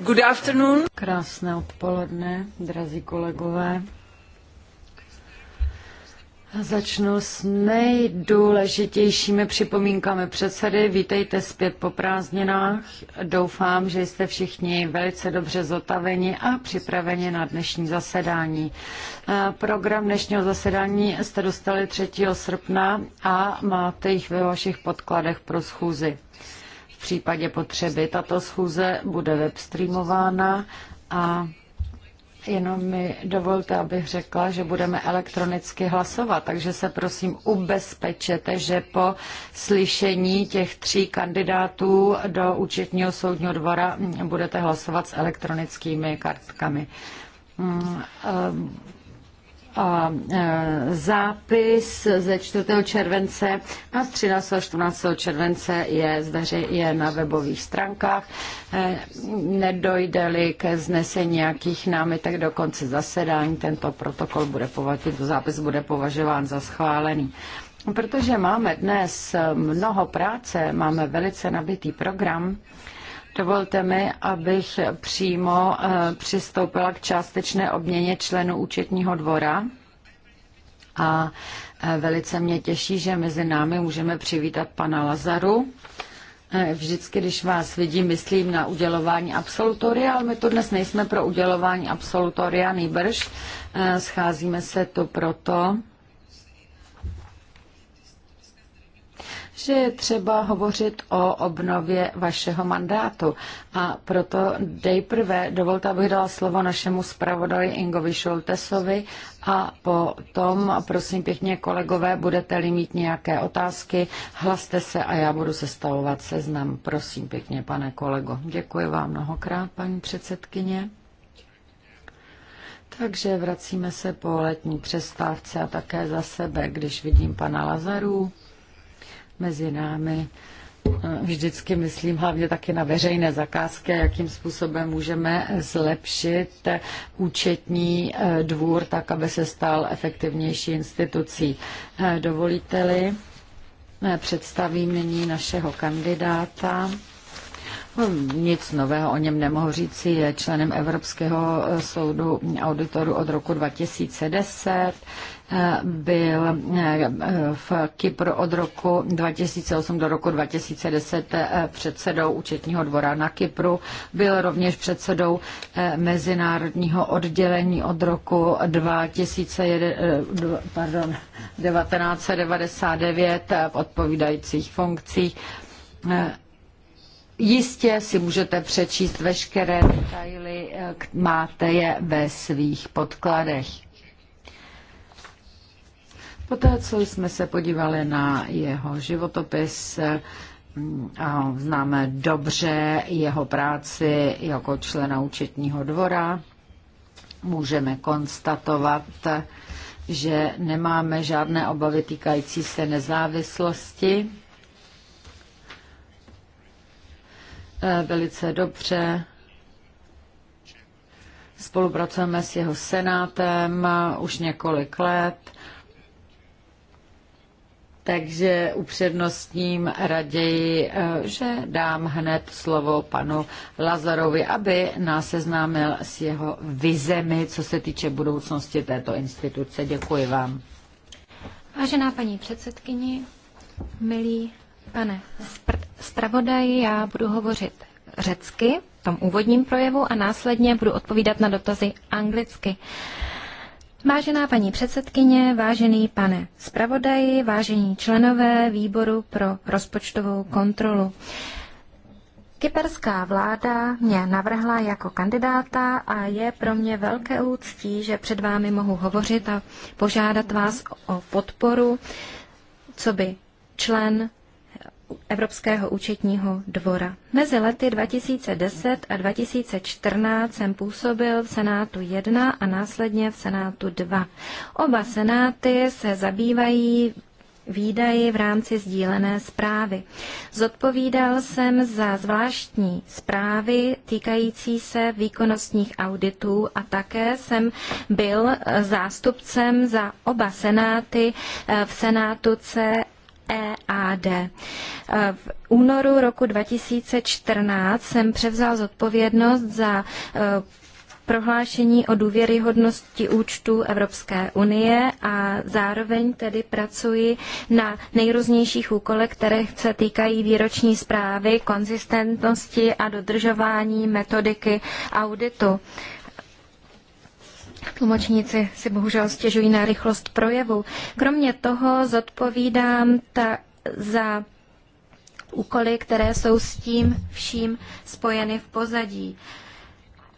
Good afternoon. Krásné odpoledne, drazí kolegové. Začnu s nejdůležitějšími připomínkami předsedy. Vítejte zpět po prázdninách. Doufám, že jste všichni velice dobře zotaveni a připraveni na dnešní zasedání. Eh, program dnešního zasedání jste dostali 3. srpna a máte jich ve vašich podkladech pro schůzi. V případě potřeby tato schůze bude webstreamována a Jenom mi dovolte, abych řekla, že budeme elektronicky hlasovat, takže se prosím ubezpečete, že po slyšení těch tří kandidátů do účetního soudního dvora budete hlasovat s elektronickými kartkami. Hmm, E, zápis ze 4. července a z 13. a 14. července je, zveři, je na webových stránkách. E, nedojde-li ke znesení nějakých námitek do konce zasedání, tento protokol bude považován, tento zápis bude považován za schválený. Protože máme dnes mnoho práce, máme velice nabitý program, Dovolte mi, abych přímo eh, přistoupila k částečné obměně členů účetního dvora. A eh, velice mě těší, že mezi námi můžeme přivítat pana Lazaru. Eh, vždycky, když vás vidím, myslím na udělování absolutoria, ale my tu dnes nejsme pro udělování absolutoria, nejbrž scházíme se tu proto, že je třeba hovořit o obnově vašeho mandátu. A proto nejprve dovolte, abych dala slovo našemu zpravodaji Ingovi Šoltesovi a potom, prosím pěkně, kolegové, budete-li mít nějaké otázky, hlaste se a já budu sestavovat seznam. Prosím pěkně, pane kolego. Děkuji vám mnohokrát, paní předsedkyně. Takže vracíme se po letní přestávce a také za sebe, když vidím pana Lazaru mezi námi. Eh, vždycky myslím hlavně taky na veřejné zakázky, jakým způsobem můžeme zlepšit účetní eh, dvůr tak, aby se stal efektivnější institucí. Eh, dovolíte-li, představím nyní našeho kandidáta. No, nic nového o něm nemohu říci. Je členem Evropského eh, soudu auditoru od roku 2010. Eh, byl eh, v Kypru od roku 2008 do roku 2010 předsedou účetního dvora na Kypru. Byl rovněž předsedou mezinárodního oddělení od roku 2001, pardon, 1999 v odpovídajících funkcích Jistě si můžete přečíst veškeré detaily, eh, máte je ve svých podkladech. Poté, co jsme se podívali na jeho životopis, eh, a známe dobře jeho práci jako člena účetního dvora, můžeme konstatovat, že nemáme žádné obavy týkající se nezávislosti Eh, velice dobře. Spolupracujeme s jeho senátem už několik let, takže upřednostním raději, eh, že dám hned slovo panu Lazarovi, aby nás seznámil s jeho vizemi, co se týče budoucnosti této instituce. Děkuji vám. Vážená paní předsedkyni, milí pane zpravodaj, já budu hovořit řecky v tom úvodním projevu a následně budu odpovídat na dotazy anglicky. Vážená paní předsedkyně, vážený pane zpravodaji, vážení členové výboru pro rozpočtovou kontrolu. Kyperská vláda mě navrhla jako kandidáta a je pro mě velké úctí, že před vámi mohu hovořit a požádat vás o podporu, co by člen Evropského účetního dvora. Mezi lety 2010 a 2014 jsem působil v Senátu 1 a následně v Senátu 2. Oba senáty se zabývají výdaji v rámci sdílené zprávy. Zodpovídal jsem za zvláštní zprávy týkající se výkonnostních auditů a také jsem byl zástupcem za oba senáty eh, v senátu C EAD. Eh, v únoru roku 2014 jsem převzal zodpovědnost za eh, prohlášení o důvěryhodnosti účtů Evropské unie a zároveň tedy pracuji na nejrůznějších úkolech, které se týkají výroční zprávy, konzistentnosti a dodržování metodiky auditu. Tlumočníci si bohužel stěžují na rychlost projevu. Kromě toho zodpovídám ta, za úkoly, které jsou s tím vším spojeny v pozadí.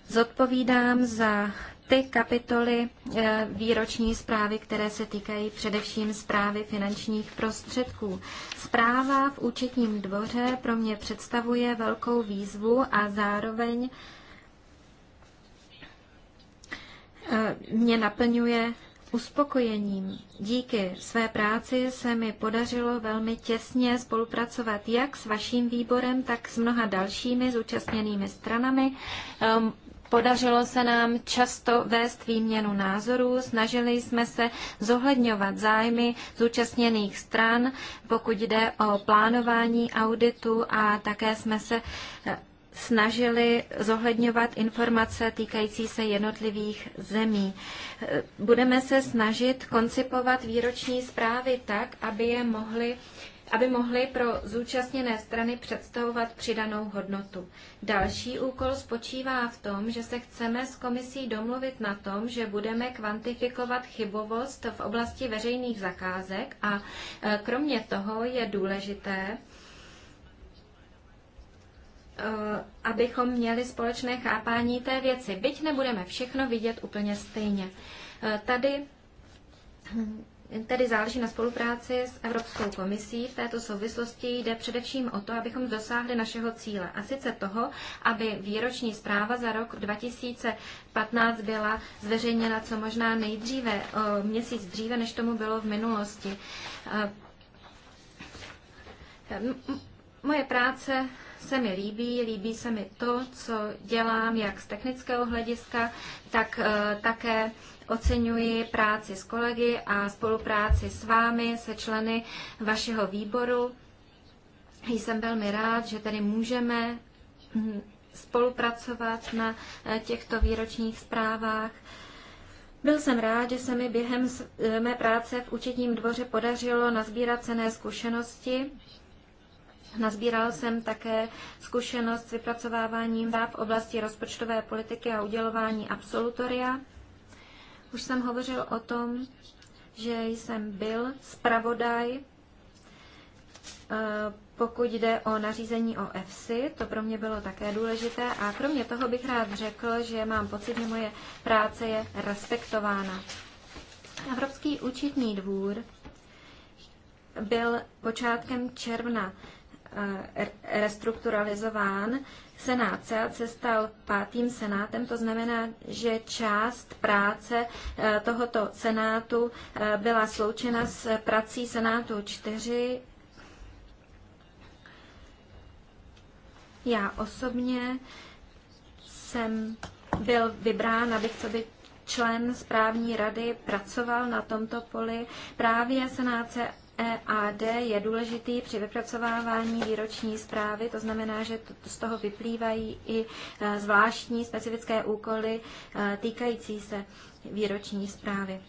Zodpovídám za ty kapitoly eh, výroční zprávy, které se týkají především zprávy finančních prostředků. Zpráva v účetním dvoře pro mě představuje velkou výzvu a zároveň Eh, mě naplňuje uspokojením. Díky své práci se mi podařilo velmi těsně spolupracovat jak s vaším výborem, tak s mnoha dalšími zúčastněnými stranami. Ehm, podařilo se nám často vést výměnu názorů, snažili jsme se zohledňovat zájmy zúčastněných stran, pokud jde o plánování auditu a také jsme se eh, snažili zohledňovat informace týkající se jednotlivých zemí. Budeme se snažit koncipovat výroční zprávy tak, aby je mohly aby mohly pro zúčastněné strany představovat přidanou hodnotu. Další úkol spočívá v tom, že se chceme s komisí domluvit na tom, že budeme kvantifikovat chybovost v oblasti veřejných zakázek a e, kromě toho je důležité, Eh, abychom měli společné chápání té věci. Byť nebudeme všechno vidět úplně stejně. Eh, tady hm, Tedy záleží na spolupráci s Evropskou komisí. V této souvislosti jde především o to, abychom dosáhli našeho cíle, a sice toho, aby výroční zpráva za rok 2015 byla zveřejněna co možná nejdříve, měsíc dříve, než tomu bylo v minulosti. Eh, moje práce se mi líbí. Líbí se mi to, co dělám jak z technického hlediska, tak eh, také oceňuji práci s kolegy a spolupráci s vámi, se členy vašeho výboru. Jsem velmi rád, že tady můžeme hm, spolupracovat na eh, těchto výročních zprávách. Byl jsem rád, že se mi během eh, mé práce v účetním dvoře podařilo nazbírat cené zkušenosti Nazbíral jsem také zkušenost s vypracováváním v oblasti rozpočtové politiky a udělování absolutoria. Už jsem hovořil o tom, že jsem byl zpravodaj, eh, pokud jde o nařízení o EFSI, to pro mě bylo také důležité. A kromě toho bych rád řekl, že mám pocit, že moje práce je respektována. Evropský účetní dvůr byl počátkem června Eh, restrukturalizován. Senát SEAT se stal pátým senátem, to znamená, že část práce eh, tohoto senátu eh, byla sloučena s prací senátu 4. Já osobně jsem byl vybrán, abych co by člen správní rady pracoval na tomto poli. Právě Senát EAD je důležitý při vypracovávání výroční zprávy, to znamená, že z toho vyplývají i e, zvláštní specifické úkoly e, týkající se výroční zprávy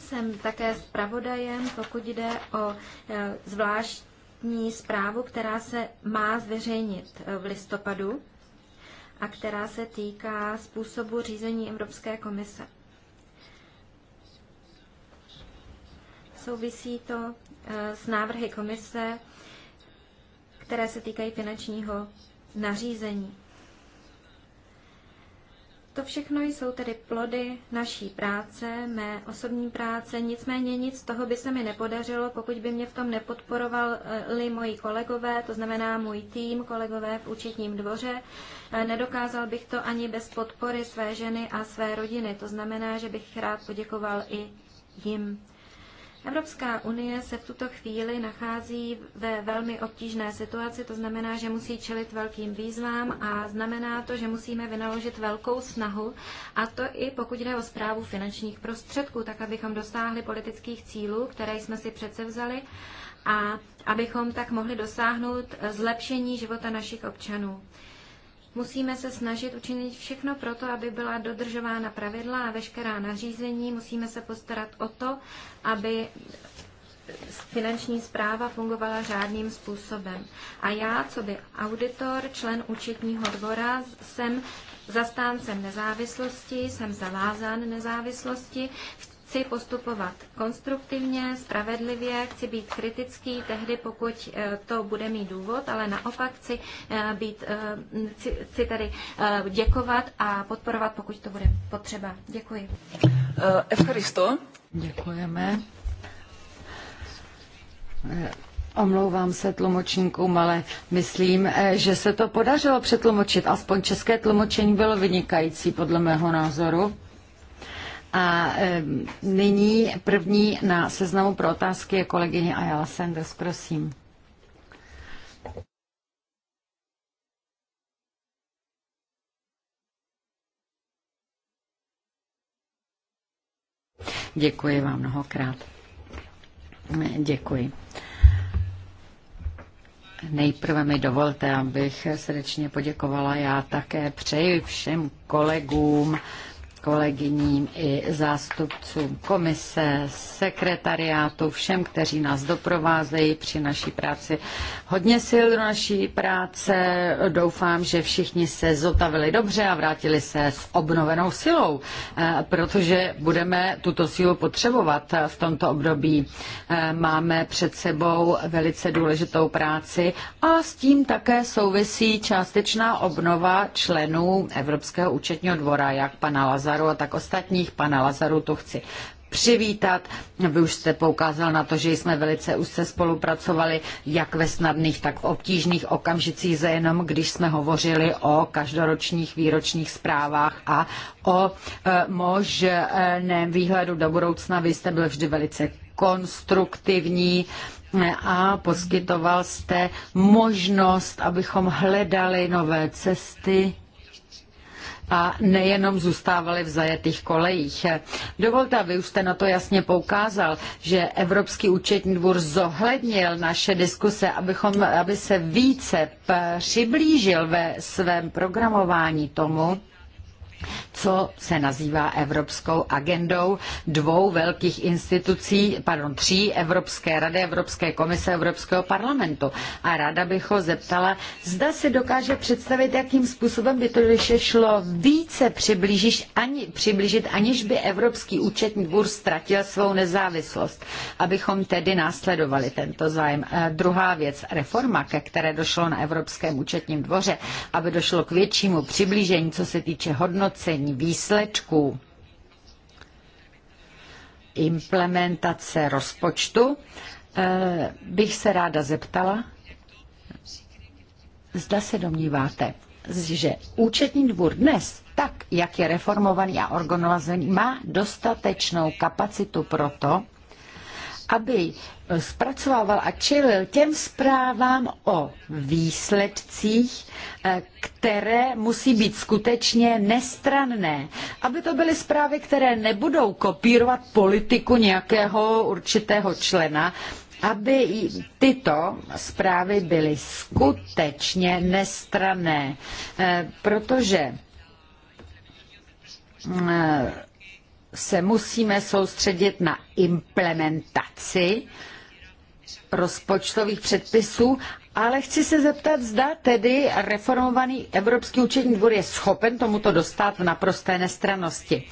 jsem také zpravodajem, pokud jde o e, zvláštní zprávu, která se má zveřejnit v listopadu a která se týká způsobu řízení Evropské komise. Souvisí to eh, s návrhy komise, které se týkají finančního nařízení. To všechno jsou tedy plody naší práce, mé osobní práce, nicméně nic z toho by se mi nepodařilo, pokud by mě v tom nepodporovali eh, moji kolegové, to znamená můj tým, kolegové v účetním dvoře. Eh, nedokázal bych to ani bez podpory své ženy a své rodiny, to znamená, že bych rád poděkoval i jim. Evropská unie se v tuto chvíli nachází ve velmi obtížné situaci, to znamená, že musí čelit velkým výzvám a znamená to, že musíme vynaložit velkou snahu, a to i pokud jde o zprávu finančních prostředků, tak abychom dosáhli politických cílů, které jsme si přece vzali a abychom tak mohli dosáhnout zlepšení života našich občanů. Musíme se snažit učinit všechno pro to, aby byla dodržována pravidla a veškerá nařízení. Musíme se postarat o to, aby finanční zpráva fungovala řádným způsobem. A já, co by auditor, člen účetního dvora, jsem zastáncem nezávislosti, jsem zavázán nezávislosti. Chci postupovat konstruktivně, spravedlivě, chci být kritický tehdy, pokud eh, to bude mít důvod, ale naopak chci, eh, být, eh, chci, chci tady děkovat a podporovat, pokud to bude potřeba. Děkuji. Evcharisto. Děkujeme. Omlouvám se tlumočníkům, ale myslím, že se to podařilo přetlumočit. Aspoň české tlumočení bylo vynikající, podle mého názoru. A nyní první na seznamu pro otázky je kolegyně Ayala Sanders, prosím. Děkuji vám mnohokrát. Děkuji. Nejprve mi dovolte, abych srdečně poděkovala. Já také přeji všem kolegům, kolegyním i zástupcům komise, sekretariátu, všem, kteří nás doprovázejí při naší práci. Hodně sil do naší práce. Doufám, že všichni se zotavili dobře a vrátili se s obnovenou silou, eh, protože budeme tuto sílu potřebovat v tomto období. Eh, máme před sebou velice důležitou práci a s tím také souvisí částečná obnova členů Evropského účetního dvora, jak pana Lazar Lazaru a tak ostatních. Pana Lazaru tu chci přivítat. Vy už jste poukázal na to, že jsme velice úzce spolupracovali, jak ve snadných, tak v obtížných okamžicích, jenom když jsme hovořili o každoročních výročních zprávách a o e, možném výhledu do budoucna. Vy jste byl vždy velice konstruktivní e, a poskytoval jste možnost, abychom hledali nové cesty a nejenom zůstávali v zajetých kolejích. Dovolte, aby už jste na to jasně poukázal, že Evropský účetní dvůr zohlednil naše diskuse, abychom, aby se více přiblížil ve svém programování tomu, co se nazývá Evropskou agendou dvou velkých institucí, pardon, tří Evropské rady, Evropské komise, Evropského parlamentu. A ráda bych ho zeptala, zda si dokáže představit, jakým způsobem by to ještě šlo více přiblížit, ani, přiblížit, aniž by Evropský účetní dvůr ztratil svou nezávislost, abychom tedy následovali tento zájem. A eh, druhá věc, reforma, ke které došlo na Evropském účetním dvoře, aby došlo k většímu přiblížení, co se týče hodnot hodnocení výsledků implementace rozpočtu eh, bych se ráda zeptala, zda se domníváte, že účetní dvůr dnes, tak jak je reformovaný a organizovaný, má dostatečnou kapacitu pro to, aby zpracovával a čelil těm zprávám o výsledcích, eh, které musí být skutečně nestranné. Aby to byly zprávy, které nebudou kopírovat politiku nějakého určitého člena, aby tyto zprávy byly skutečně nestranné, eh, protože eh, se musíme soustředit na implementaci rozpočtových předpisů, ale chci se zeptat, zda tedy reformovaný Evropský účetní dvůr je schopen tomuto dostat v naprosté nestranosti.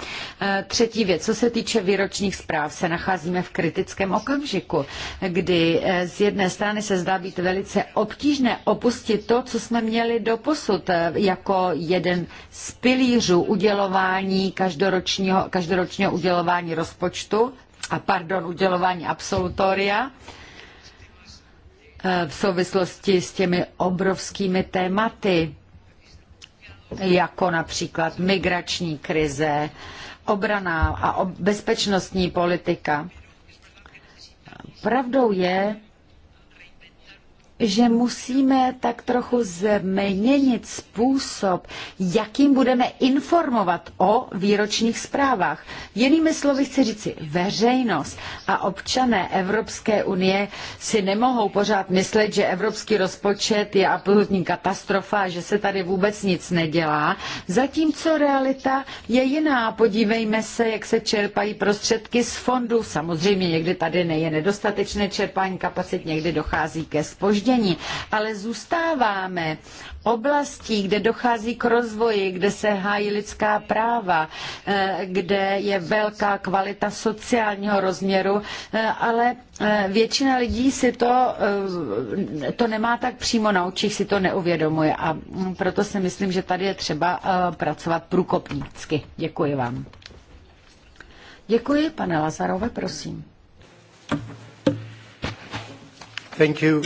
Eh, třetí věc, co se týče výročních zpráv, se nacházíme v kritickém okamžiku, kdy eh, z jedné strany se zdá být velice obtížné opustit to, co jsme měli do posud eh, jako jeden z pilířů udělování každoročního, každoročního udělování rozpočtu a pardon, udělování absolutoria v souvislosti s těmi obrovskými tématy, jako například migrační krize, obraná a bezpečnostní politika. Pravdou je, že musíme tak trochu změnit způsob, jakým budeme informovat o výročních zprávách. Jinými slovy chci říci, veřejnost a občané Evropské unie si nemohou pořád myslet, že evropský rozpočet je absolutní katastrofa, že se tady vůbec nic nedělá, zatímco realita je jiná. Podívejme se, jak se čerpají prostředky z fondu. Samozřejmě někdy tady je nedostatečné čerpání kapacit, někdy dochází ke spoždění spoždění, ale zůstáváme oblastí, kde dochází k rozvoji, kde se hájí lidská práva, eh, kde je velká kvalita sociálního rozměru, eh, ale eh, většina lidí si to, to nemá tak přímo na očích, si to neuvědomuje a proto si myslím, že tady je třeba pracovat průkopnícky. Děkuji vám. Děkuji, pane Lazarove, prosím. Thank you,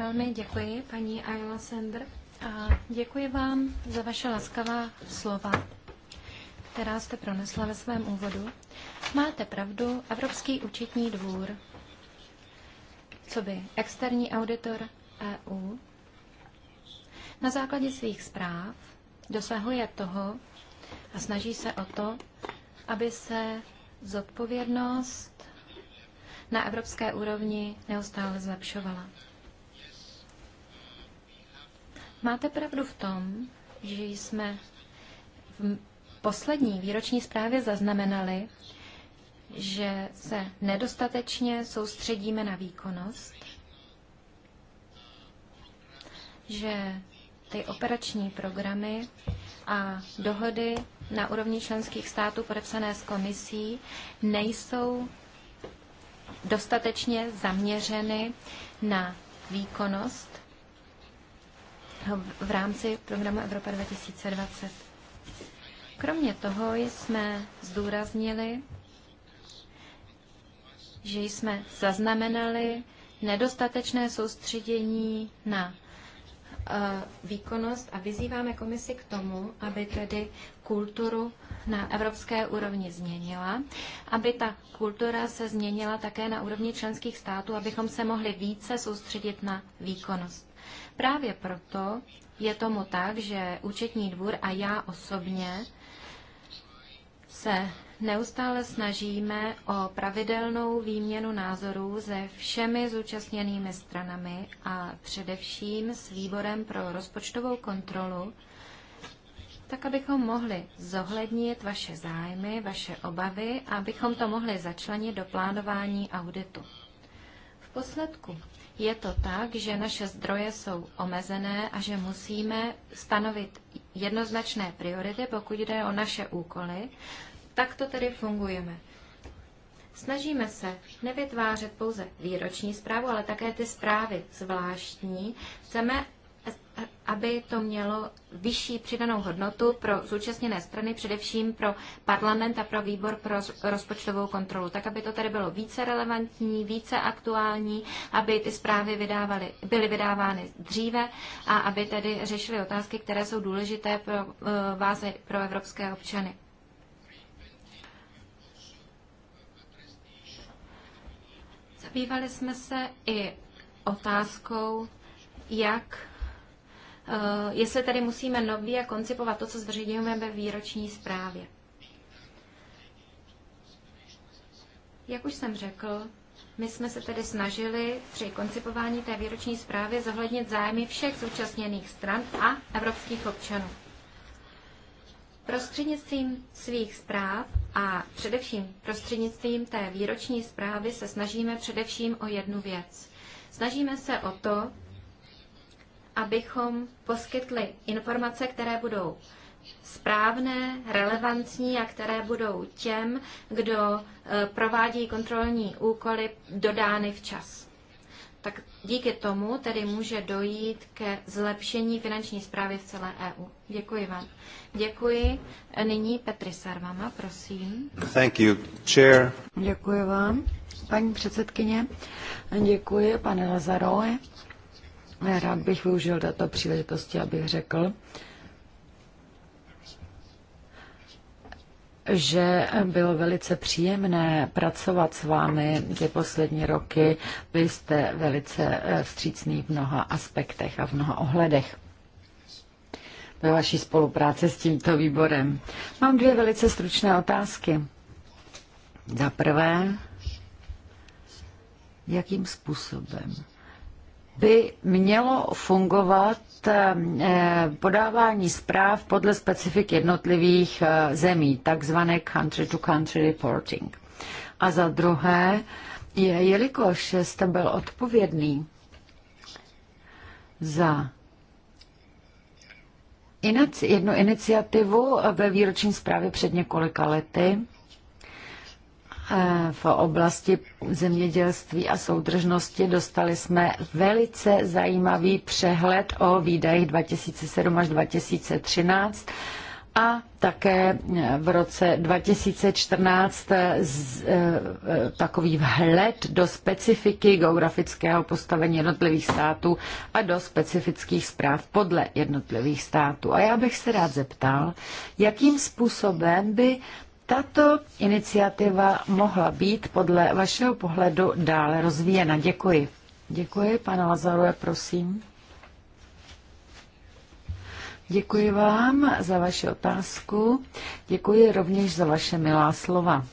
Velmi děkuji, paní Ayla Sender. A děkuji vám za vaše laskavá slova, která jste pronesla ve svém úvodu. Máte pravdu, Evropský účetní dvůr, co by externí auditor EU, na základě svých zpráv dosahuje toho a snaží se o to, aby se zodpovědnost na evropské úrovni neustále zlepšovala. Máte pravdu v tom, že jsme v poslední výroční zprávě zaznamenali, že se nedostatečně soustředíme na výkonnost, že ty operační programy a dohody na úrovni členských států podepsané s komisí nejsou dostatečně zaměřeny na výkonnost v rámci programu Evropa 2020. Kromě toho jsme zdůraznili, že jsme zaznamenali nedostatečné soustředění na eh, výkonnost a vyzýváme komisi k tomu, aby tedy kulturu na evropské úrovni změnila, aby ta kultura se změnila také na úrovni členských států, abychom se mohli více soustředit na výkonnost. Právě proto je tomu tak, že účetní dvůr a já osobně se neustále snažíme o pravidelnou výměnu názorů se všemi zúčastněnými stranami a především s výborem pro rozpočtovou kontrolu, tak abychom mohli zohlednit vaše zájmy, vaše obavy a abychom to mohli začlenit do plánování auditu. V posledku je to tak, že naše zdroje jsou omezené a že musíme stanovit jednoznačné priority, pokud jde o naše úkoly. Tak to tedy fungujeme. Snažíme se nevytvářet pouze výroční zprávu, ale také ty zprávy zvláštní. Chceme aby to mělo vyšší přidanou hodnotu pro zúčastněné strany, především pro parlament a pro výbor pro rozpočtovou kontrolu, tak aby to tedy bylo více relevantní, více aktuální, aby ty zprávy vydávaly, byly vydávány dříve a aby tedy řešily otázky, které jsou důležité pro eh, vás, pro evropské občany. Zabývali jsme se i otázkou, jak Eh, jestli tady musíme nově koncipovat to, co zveřejňujeme ve výroční zprávě. Jak už jsem řekl, my jsme se tedy snažili při koncipování té výroční zprávy zohlednit zájmy všech zúčastněných stran a evropských občanů. Prostřednictvím svých zpráv a především prostřednictvím té výroční zprávy se snažíme především o jednu věc. Snažíme se o to, abychom poskytli informace, které budou správné, relevantní a které budou těm, kdo eh, provádí kontrolní úkoly, dodány včas. Tak díky tomu tedy může dojít ke zlepšení finanční zprávy v celé EU. Děkuji vám. Děkuji. Nyní Petri Sarvama, prosím. Thank you, chair. Děkuji vám, paní předsedkyně. Děkuji, pane Lazaroe. Rád bych využil této příležitosti, abych řekl, že bylo velice příjemné pracovat s vámi ty poslední roky. Vy jste velice eh, vstřícný v mnoha aspektech a v mnoha ohledech ve vaší spolupráci s tímto výborem. Mám dvě velice stručné otázky. Za prvé, jakým způsobem by mělo fungovat eh, podávání zpráv podle specifik jednotlivých eh, zemí, takzvané country-to-country reporting. A za druhé, je, jelikož jste byl odpovědný za jednu iniciativu ve výroční zprávě před několika lety, Eh, v oblasti zemědělství a soudržnosti dostali jsme velice zajímavý přehled o výdajích 2007 až 2013 a také eh, v roce 2014 eh, takový vhled do specifiky geografického postavení jednotlivých států a do specifických zpráv podle jednotlivých států. A já bych se rád zeptal, jakým způsobem by tato iniciativa mohla být podle vašeho pohledu dále rozvíjena? Děkuji. Děkuji, pane Lazarové, prosím. Děkuji vám za vaši otázku. Děkuji rovněž za vaše milá slova.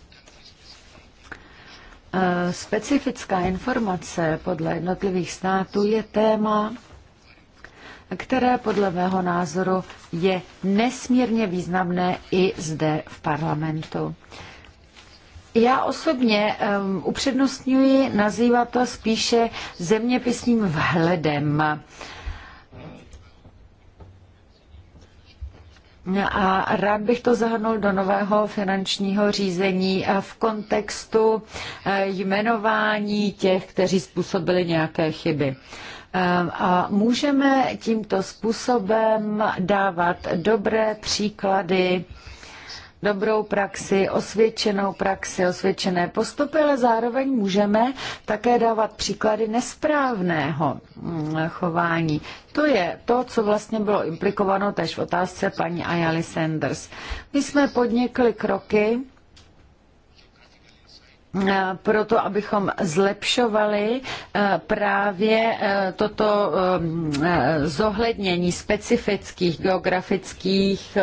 Eh, specifická informace podle jednotlivých států je téma, které podle mého názoru je nesmírně významné i zde v parlamentu. Já osobně um, upřednostňuji nazývat to spíše zeměpisním vhledem. A rád bych to zahrnul do nového finančního řízení v kontextu eh, jmenování těch, kteří způsobili nějaké chyby. Ehm, a můžeme tímto způsobem dávat dobré příklady, dobrou praxi, osvědčenou praxi, osvědčené postupy, ale zároveň můžeme také dávat příklady nesprávného mm, chování. To je to, co vlastně bylo implikováno tež v otázce paní Ayali Sanders. My jsme podnikli kroky, Eh, proto, abychom zlepšovali eh, právě eh, toto zohlednění specifických geografických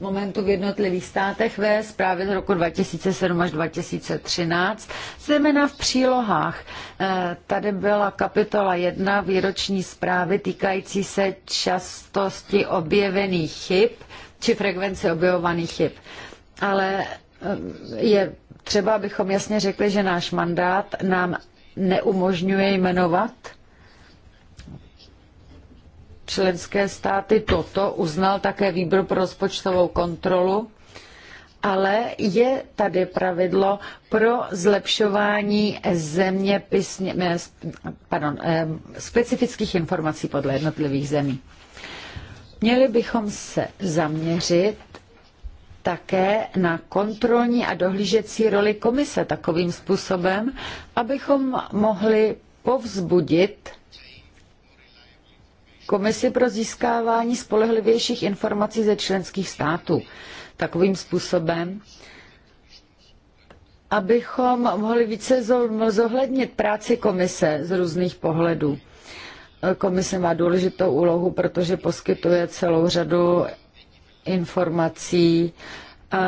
momentů v jednotlivých státech ve zprávě z roku 2007 až 2013, zejména v přílohách. Tady byla kapitola 1 výroční zprávy týkající se častosti objevených chyb či frekvence objevovaných chyb. Ale je třeba abychom jasně řekli, že náš mandát nám neumožňuje jmenovat členské státy. Toto uznal také výbor pro rozpočtovou kontrolu ale je tady pravidlo pro zlepšování zeměpisně, pardon, specifických informací podle jednotlivých zemí. Měli bychom se zaměřit také na kontrolní a dohlížecí roli komise takovým způsobem, abychom mohli povzbudit komisi pro získávání spolehlivějších informací ze členských států. Takovým způsobem, abychom mohli více zohlednit práci komise z různých pohledů. Komise má důležitou úlohu, protože poskytuje celou řadu informací, e,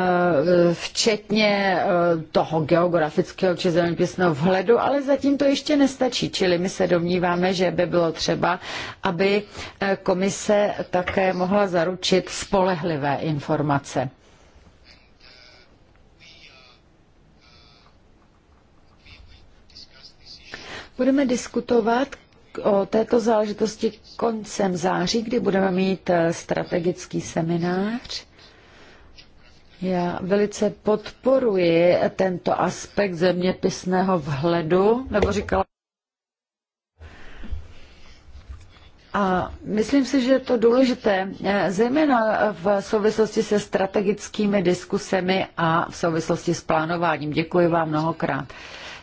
včetně e, toho geografického či zeměpisného vhledu, ale zatím to ještě nestačí. Čili my se domníváme, že by bylo třeba, aby e, komise také mohla zaručit spolehlivé informace. Budeme diskutovat o této záležitosti koncem září, kdy budeme mít eh, strategický seminář. Já velice podporuji tento aspekt zeměpisného vhledu, nebo říkala. A myslím si, že je to důležité, eh, zejména v souvislosti se strategickými diskusemi a v souvislosti s plánováním. Děkuji vám mnohokrát.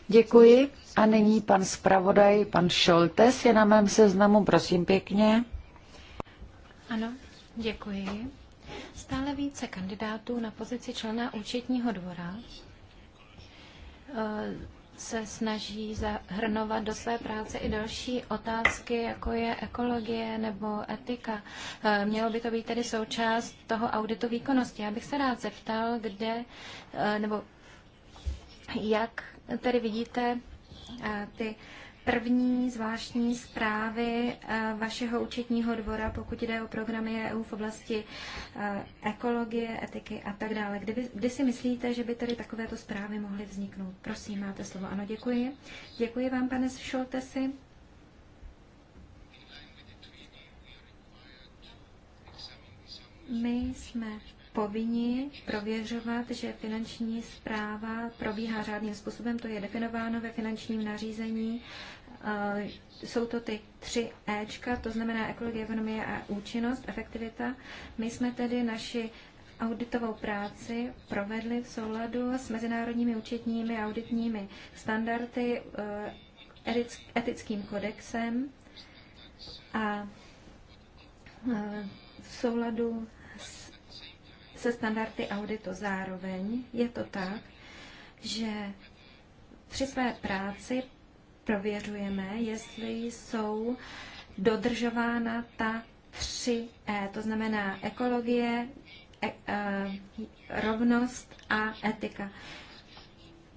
Děkuji. A nyní pan zpravodaj, pan Šoltes je na mém seznamu, prosím pěkně. Ano, děkuji. Stále více kandidátů na pozici člena účetního dvora eh, se snaží zahrnovat do své práce i další otázky, jako je ekologie nebo etika. Eh, mělo by to být tedy součást toho auditu výkonnosti. Já bych se rád zeptal, kde eh, nebo jak tedy vidíte Eh, ty první zvláštní zprávy eh, vašeho účetního dvora, pokud jde o programy EU v oblasti eh, ekologie, etiky a tak dále. Kdy, kdy si myslíte, že by tady takovéto zprávy mohly vzniknout? Prosím, máte slovo. Ano, děkuji. Děkuji vám, pane Šoltesi. My jsme povinni prověřovat, že finanční zpráva probíhá řádným způsobem. To je definováno ve finančním nařízení. Eh, jsou to ty tři Ečka, to znamená ekologie, ekonomie a účinnost, efektivita. My jsme tedy naši auditovou práci provedli v souladu s mezinárodními účetními auditními standardy, eh, etickým kodexem a eh, v souladu se standardy auditu. Zároveň je to tak, že při své práci prověřujeme, jestli jsou dodržována ta 3E, to znamená ekologie, e, e, rovnost a etika.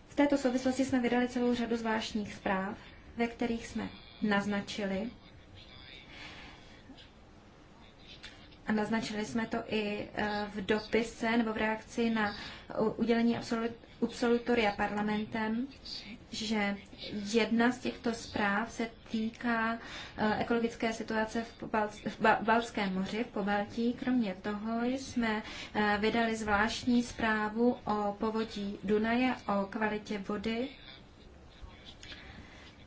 V této souvislosti jsme vydali celou řadu zvláštních zpráv, ve kterých jsme naznačili, a naznačili jsme to i eh, v dopise nebo v reakci na udělení absolutoria parlamentem, že jedna z těchto zpráv se týká eh, ekologické situace v, balském moři, v Pobaltí. Kromě toho jsme eh, vydali zvláštní zprávu o povodí Dunaje, o kvalitě vody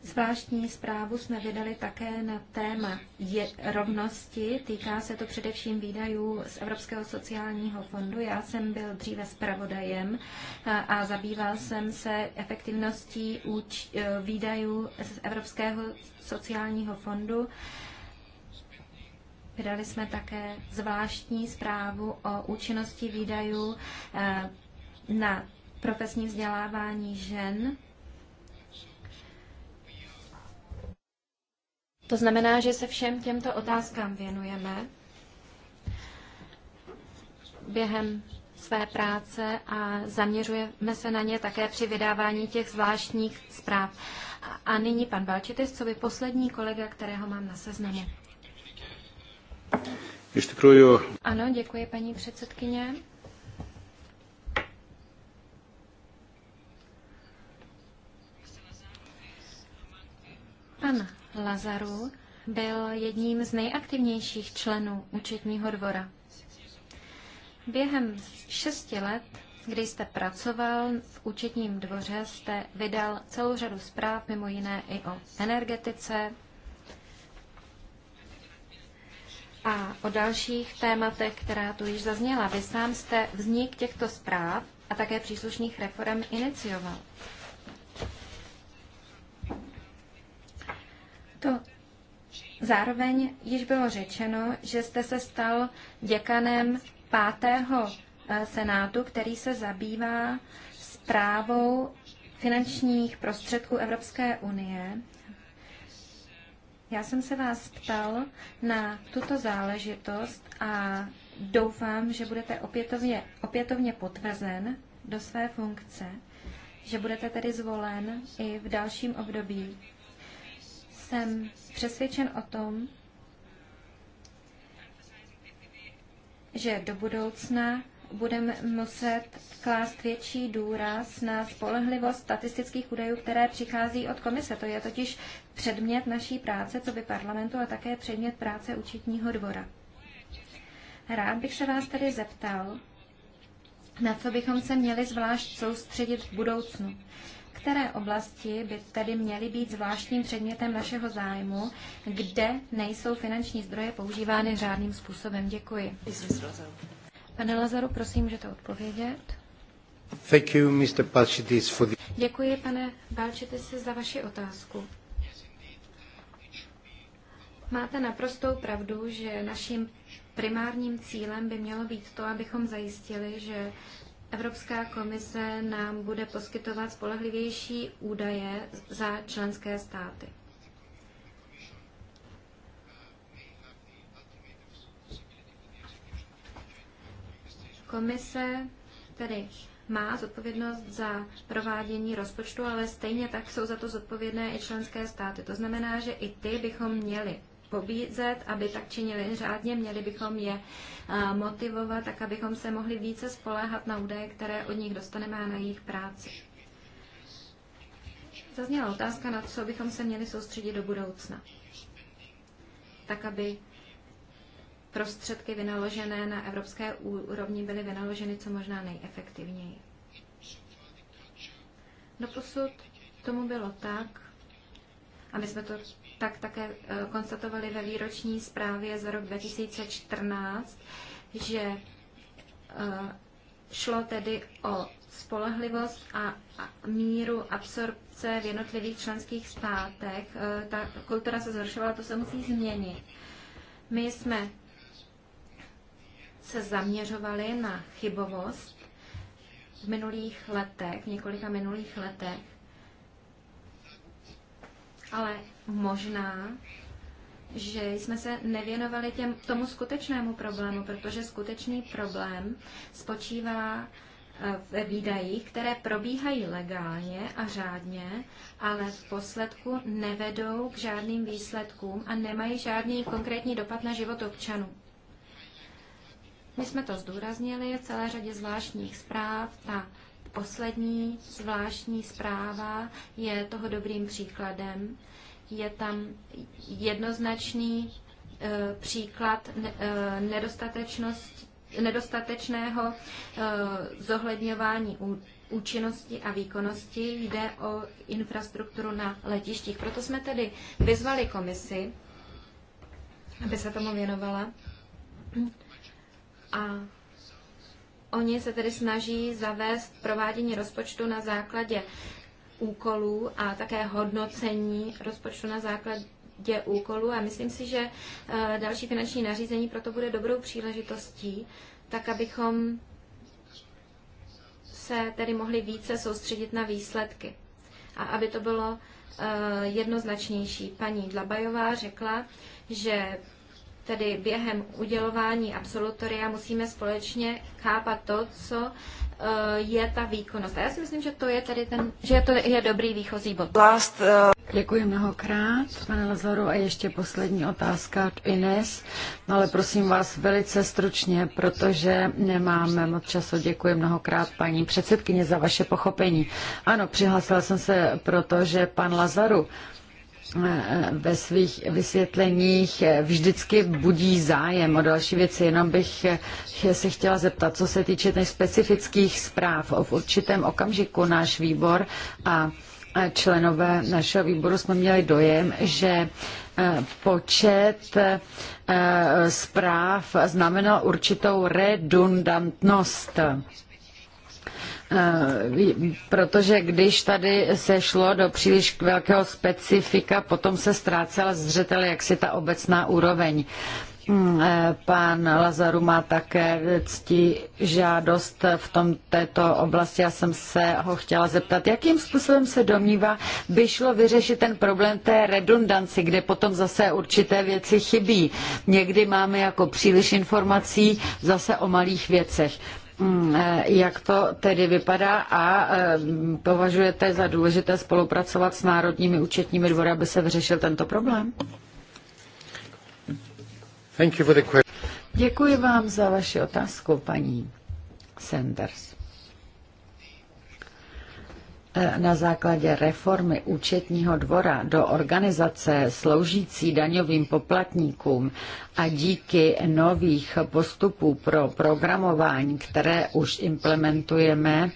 Zvláštní zprávu jsme vydali také na téma je, rovnosti. Týká se to především výdajů z Evropského sociálního fondu. Já jsem byl dříve zpravodajem a, a zabýval jsem se efektivností úč, e, výdajů z Evropského sociálního fondu. Vydali jsme také zvláštní zprávu o účinnosti výdajů e, na profesní vzdělávání žen To znamená, že se všem těmto otázkám věnujeme během své práce a zaměřujeme se na ně také při vydávání těch zvláštních zpráv. A nyní pan Balčitis, co by poslední kolega, kterého mám na seznamu. Ano, děkuji paní předsedkyně. Lazaru byl jedním z nejaktivnějších členů účetního dvora. Během šesti let, kdy jste pracoval v účetním dvoře, jste vydal celou řadu zpráv, mimo jiné i o energetice a o dalších tématech, která tu již zazněla. Vy sám jste vznik těchto zpráv a také příslušných reform inicioval. To zároveň již bylo řečeno, že jste se stal děkanem pátého eh, senátu, který se zabývá zprávou finančních prostředků Evropské unie. Já jsem se vás ptal na tuto záležitost a doufám, že budete opětovně, opětovně potvrzen do své funkce, že budete tedy zvolen i v dalším období jsem přesvědčen o tom, že do budoucna budeme muset klást větší důraz na spolehlivost statistických údajů, které přichází od komise. To je totiž předmět naší práce, co by parlamentu, a také předmět práce účetního dvora. Rád bych se vás tedy zeptal, na co bychom se měli zvlášť soustředit v budoucnu které oblasti by tedy měly být zvláštním předmětem našeho zájmu, kde nejsou finanční zdroje používány řádným způsobem. Děkuji. Pane Lazaru, prosím, můžete odpovědět. Thank you, Mr. Palčitis, for the... Děkuji, pane Balčitis, za vaši otázku. Máte naprostou pravdu, že naším primárním cílem by mělo být to, abychom zajistili, že Evropská komise nám bude poskytovat spolehlivější údaje za členské státy. Komise tedy má zodpovědnost za provádění rozpočtu, ale stejně tak jsou za to zodpovědné i členské státy. To znamená, že i ty bychom měli pobízet, aby tak činili řádně, měli bychom je motivovat, tak abychom se mohli více spoléhat na údaje, které od nich dostaneme a na jejich práci. Zazněla otázka, na co bychom se měli soustředit do budoucna. Tak, aby prostředky vynaložené na evropské úrovni byly vynaloženy co možná nejefektivněji. Doposud tomu bylo tak, a my jsme to tak také eh, konstatovali ve výroční zprávě za rok 2014, že eh, šlo tedy o spolehlivost a míru absorpce v jednotlivých členských státech. Eh, ta kultura se zhoršovala, to se musí změnit. My jsme se zaměřovali na chybovost v minulých letech, v několika minulých letech ale možná, že jsme se nevěnovali těm, tomu skutečnému problému, protože skutečný problém spočívá eh, ve výdajích, které probíhají legálně a řádně, ale v posledku nevedou k žádným výsledkům a nemají žádný konkrétní dopad na život občanů. My jsme to zdůraznili v celé řadě zvláštních zpráv. Ta poslední zvláštní zpráva je toho dobrým příkladem. Je tam jednoznačný e, příklad ne, e, nedostatečného eh, zohledňování účinnosti a výkonnosti jde o infrastrukturu na letištích. Proto jsme tedy vyzvali komisi, aby se tomu věnovala. A Oni se tedy snaží zavést provádění rozpočtu na základě úkolů a také hodnocení rozpočtu na základě úkolů a myslím si, že eh, další finanční nařízení proto bude dobrou příležitostí, tak abychom se tedy mohli více soustředit na výsledky a aby to bylo eh, jednoznačnější. Paní Dlabajová řekla, že tedy během udělování absolutoria musíme společně chápat to, co eh, je ta výkonnost. A já si myslím, že to je tady ten, že to je dobrý výchozí bod. Last, uh... Děkuji mnohokrát, pane Lazaru. A ještě poslední otázka od Ines. No ale prosím vás velice stručně, protože nemáme moc času. Děkuji mnohokrát paní předsedkyně za vaše pochopení. Ano, přihlásila jsem se, protože pan Lazaru ve svých vysvětleních vždycky budí zájem o další věci. Jenom bych se chtěla zeptat, co se týče těch specifických zpráv. V určitém okamžiku náš výbor a členové našeho výboru jsme měli dojem, že eh, počet eh, zpráv znamenal určitou redundantnost. Eh, protože když tady se šlo do příliš velkého specifika, potom se ztrácela zřetel jaksi ta obecná úroveň. Mm, eh, pan Lazaru má také ctí žádost v tom, této oblasti. Já jsem se ho chtěla zeptat, jakým způsobem se domnívá, by šlo vyřešit ten problém té redundanci, kde potom zase určité věci chybí. Někdy máme jako příliš informací zase o malých věcech. Mm, eh, jak to tedy vypadá a eh, považujete za důležité spolupracovat s národními účetními dvory, aby se vyřešil tento problém? Děkuji vám za vaši otázku, paní Sanders na základě reformy účetního dvora do organizace sloužící daňovým poplatníkům a díky nových postupů pro programování, které už implementujeme,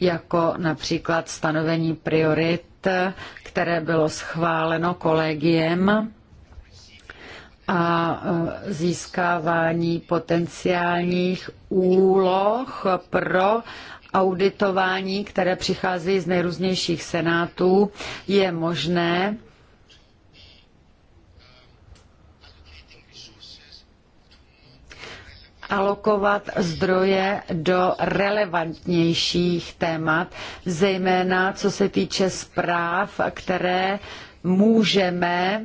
jako například stanovení priorit, které bylo schváleno kolegiem a e, získávání potenciálních úloh pro auditování, které přichází z nejrůznějších senátů, je možné alokovat zdroje do relevantnějších témat, zejména co se týče zpráv, které můžeme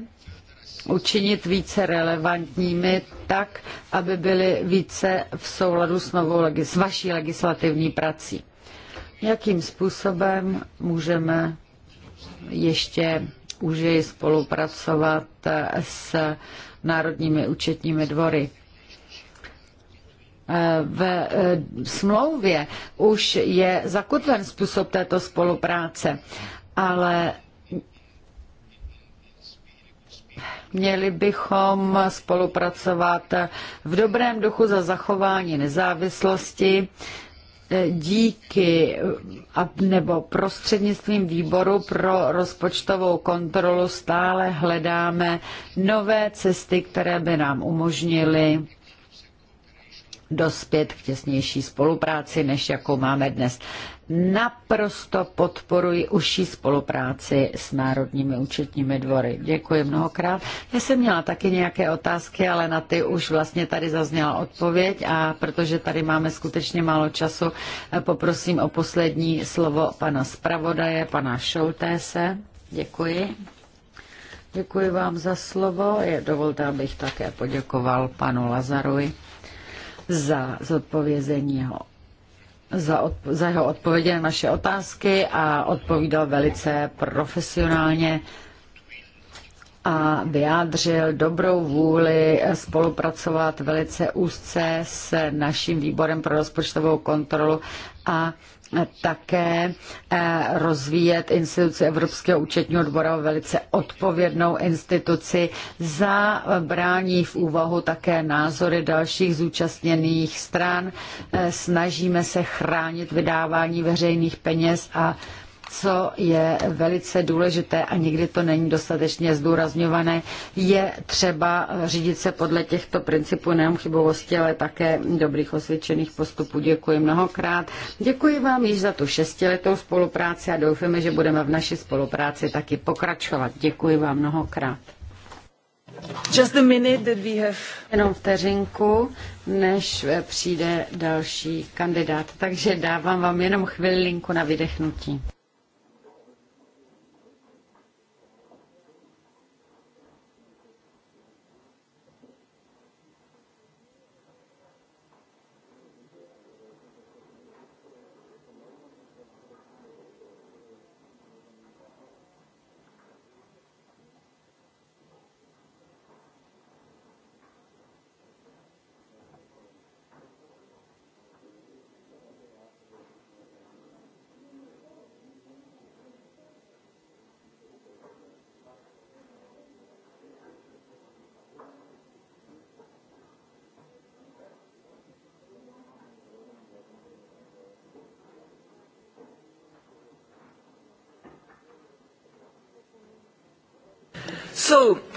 učinit více relevantními tak, aby byly více v souladu s, novou legis- s vaší legislativní prací. Jakým způsobem můžeme ještě užeji spolupracovat s národními účetními dvory? Eh, v eh, smlouvě už je zakotven způsob této spolupráce, ale Měli bychom spolupracovat v dobrém duchu za zachování nezávislosti eh, díky eh, nebo prostřednictvím výboru pro rozpočtovou kontrolu stále hledáme nové cesty, které by nám umožnily dospět k těsnější spolupráci, než jakou máme dnes. Naprosto podporuji užší spolupráci s národními účetními dvory. Děkuji mnohokrát. Já jsem měla taky nějaké otázky, ale na ty už vlastně tady zazněla odpověď a protože tady máme skutečně málo času, poprosím o poslední slovo pana zpravodaje, pana Šoltése. Děkuji. Děkuji vám za slovo. Dovolte, abych také poděkoval panu Lazarovi za zodpovězení jeho za, odpo, za jeho odpovědi na naše otázky a odpovídal velice profesionálně a vyjádřil dobrou vůli spolupracovat velice úzce s naším výborem pro rozpočtovou kontrolu a také eh, rozvíjet instituci Evropského účetního dvora velice odpovědnou instituci, za brání v úvahu také názory dalších zúčastněných stran. Eh, snažíme se chránit vydávání veřejných peněz a co je velice důležité a nikdy to není dostatečně zdůrazňované, je třeba řídit se podle těchto principů nejen chybovosti, ale také dobrých osvědčených postupů. Děkuji mnohokrát. Děkuji vám již za tu šestiletou spolupráci a doufáme, že budeme v naší spolupráci taky pokračovat. Děkuji vám mnohokrát. Just a minute that we have. Jenom vteřinku, než přijde další kandidát. Takže dávám vám jenom chvilinku na vydechnutí.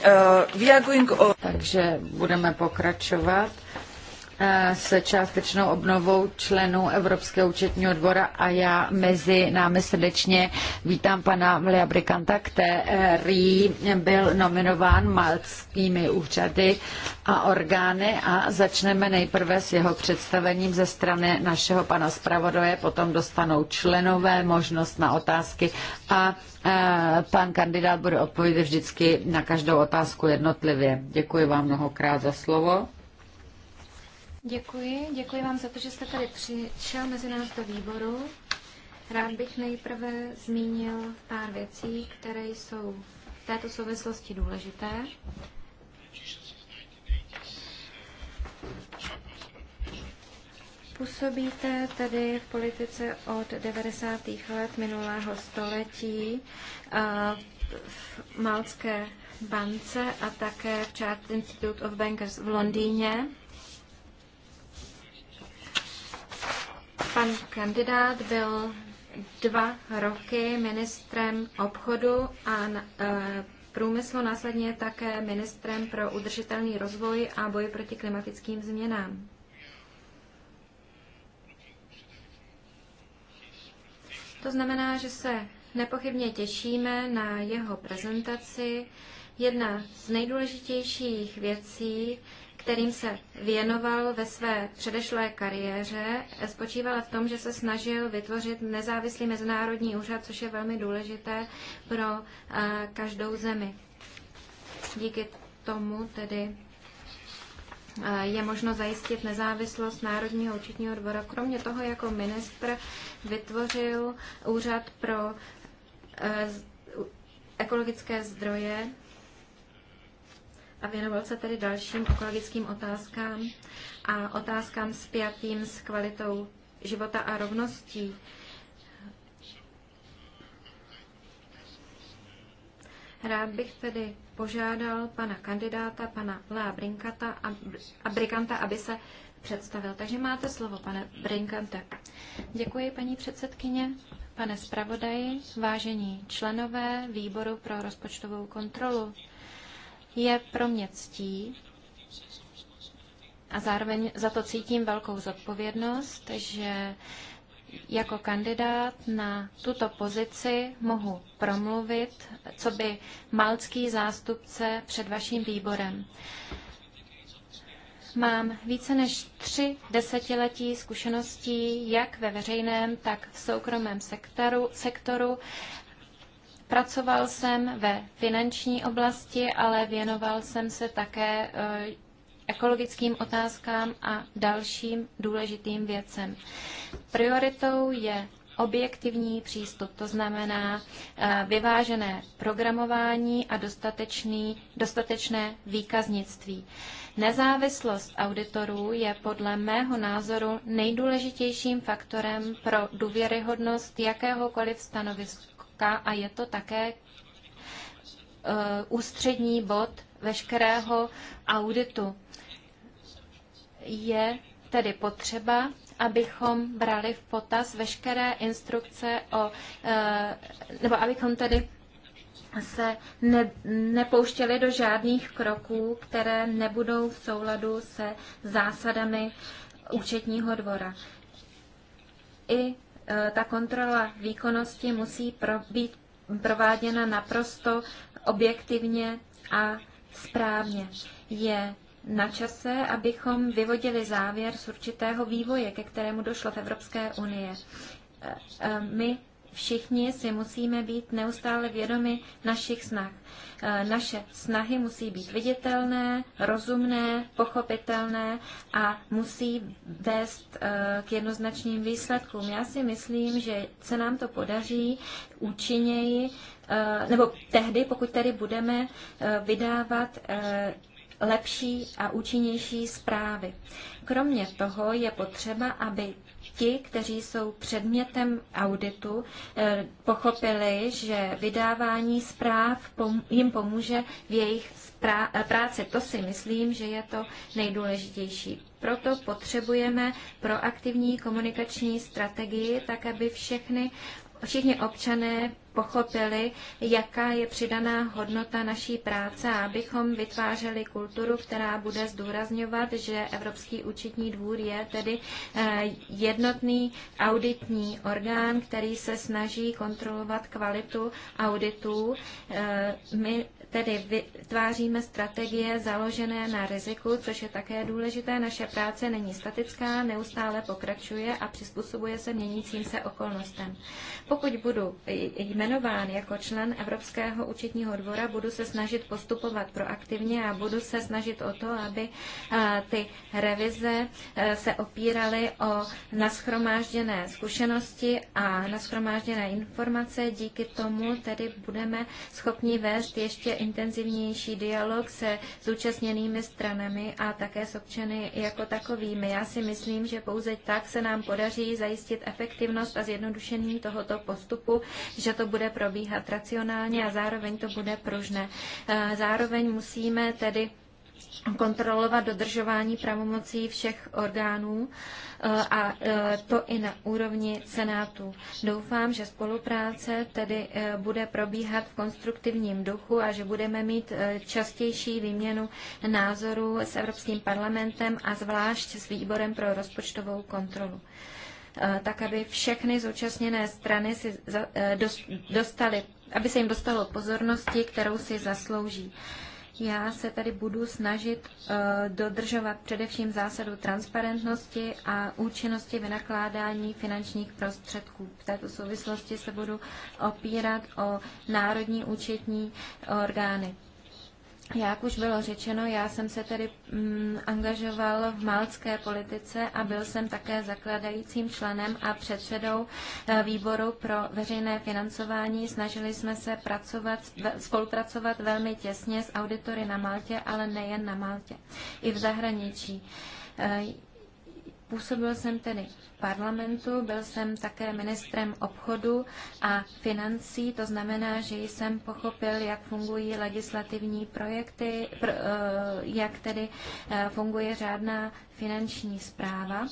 Uh, Takže budeme pokračovat. Eh, s částečnou obnovou členů Evropského účetního dvora a já mezi námi srdečně vítám pana Milia Brikanta, který byl nominován maltskými úřady a orgány a začneme nejprve s jeho představením ze strany našeho pana zpravodaje, potom dostanou členové možnost na otázky a eh, pan kandidát bude odpovědět vždycky na každou otázku jednotlivě. Děkuji vám mnohokrát za slovo. Děkuji, děkuji vám za to, že jste tady přišel mezi nás do výboru. Rád bych nejprve zmínil pár věcí, které jsou v této souvislosti důležité. Působíte tedy v politice od 90. let minulého století eh, v Malcké bance a také v Chart Institute of Bankers v Londýně. Pan kandidát byl dva roky ministrem obchodu a e, průmyslu, následně také ministrem pro udržitelný rozvoj a boj proti klimatickým změnám. To znamená, že se nepochybně těšíme na jeho prezentaci. Jedna z nejdůležitějších věcí kterým se věnoval ve své předešlé kariéře, spočívala v tom, že se snažil vytvořit nezávislý mezinárodní úřad, což je velmi důležité pro eh, každou zemi. Díky tomu tedy eh, je možno zajistit nezávislost Národního účetního dvora. Kromě toho jako ministr vytvořil úřad pro eh, ekologické zdroje a věnoval se tedy dalším ekologickým otázkám a otázkám spjatým s kvalitou života a rovností. Rád bych tedy požádal pana kandidáta, pana Lea Brinkata a, a Brikanta, aby se představil. Takže máte slovo, pane Brinkante. Děkuji, paní předsedkyně, pane zpravodaji, vážení členové výboru pro rozpočtovou kontrolu. Je pro mě ctí a zároveň za to cítím velkou zodpovědnost, že jako kandidát na tuto pozici mohu promluvit, co by malcký zástupce před vaším výborem. Mám více než tři desetiletí zkušeností jak ve veřejném, tak v soukromém sektoru. sektoru. Pracoval jsem ve finanční oblasti, ale věnoval jsem se také e, ekologickým otázkám a dalším důležitým věcem. Prioritou je objektivní přístup, to znamená e, vyvážené programování a dostatečný, dostatečné výkaznictví. Nezávislost auditorů je podle mého názoru nejdůležitějším faktorem pro důvěryhodnost jakéhokoliv stanoviska jednotka a je to také e, ústřední bod veškerého auditu. Je tedy potřeba, abychom brali v potaz veškeré instrukce o, e, nebo abychom tedy se ne, nepouštěli do žádných kroků, které nebudou v souladu se zásadami účetního dvora. I Eh, ta kontrola výkonnosti musí pro, být prováděna naprosto objektivně a správně. Je na čase, abychom vyvodili závěr z určitého vývoje, ke kterému došlo v Evropské unie. Eh, eh, my všichni si musíme být neustále vědomi našich snah. Eh, naše snahy musí být viditelné, rozumné, pochopitelné a musí vést eh, k jednoznačným výsledkům. Já si myslím, že se nám to podaří účinněji, eh, nebo tehdy, pokud tady budeme vydávat lepší a účinnější zprávy. Kromě toho je potřeba, aby ti, kteří jsou předmětem auditu, eh, pochopili, že vydávání zpráv jim pomůže v jejich eh, práci. To si myslím, že je to nejdůležitější. Proto potřebujeme proaktivní komunikační strategii, tak aby všechny všichni občané pochopili, jaká je přidaná hodnota naší práce a abychom vytvářeli kulturu, která bude zdůrazňovat, že Evropský účetní dvůr je tedy eh, jednotný auditní orgán, který se snaží kontrolovat kvalitu auditů. Eh, my Tedy vytváříme strategie založené na riziku, což je také důležité. Naše práce není statická, neustále pokračuje a přizpůsobuje se měnícím se okolnostem. Pokud budu jmenován jako člen Evropského účetního dvora, budu se snažit postupovat proaktivně a budu se snažit o to, aby ty revize e, se opíraly o naschromážděné zkušenosti a naschromážděné informace. Díky tomu tedy budeme schopni vést ještě intenzivnější dialog se zúčastněnými stranami a také s občany jako takovými. Já si myslím, že pouze tak se nám podaří zajistit efektivnost a zjednodušení tohoto postupu, že to bude probíhat racionálně a zároveň to bude pružné. Eh, zároveň musíme tedy kontrolovat dodržování pravomocí všech orgánů eh, a eh, to i na úrovni Senátu. Doufám, že spolupráce tedy eh, bude probíhat v konstruktivním duchu a že budeme mít častější výměnu názorů s Evropským parlamentem a zvlášť s výborem pro rozpočtovou kontrolu tak aby všechny zúčastněné strany si dostali, aby se jim dostalo pozornosti, kterou si zaslouží. Já se tady budu snažit eh, dodržovat především zásadu transparentnosti a účinnosti vynakládání finančních prostředků. V této souvislosti se budu opírat o národní účetní orgány. Jak už bylo řečeno, já jsem se tedy mm, angažoval v malcké politice a byl jsem také zakladajícím členem a předsedou eh, výboru pro veřejné financování. Snažili jsme se pracovat, spolupracovat velmi těsně s auditory na Maltě, ale nejen na Maltě, i v zahraničí. Eh, Působil jsem tedy v parlamentu, byl jsem také ministrem obchodu a financí, to znamená, že jsem pochopil, jak fungují legislativní projekty, eh, jak tedy eh, funguje řádná finanční zpráva.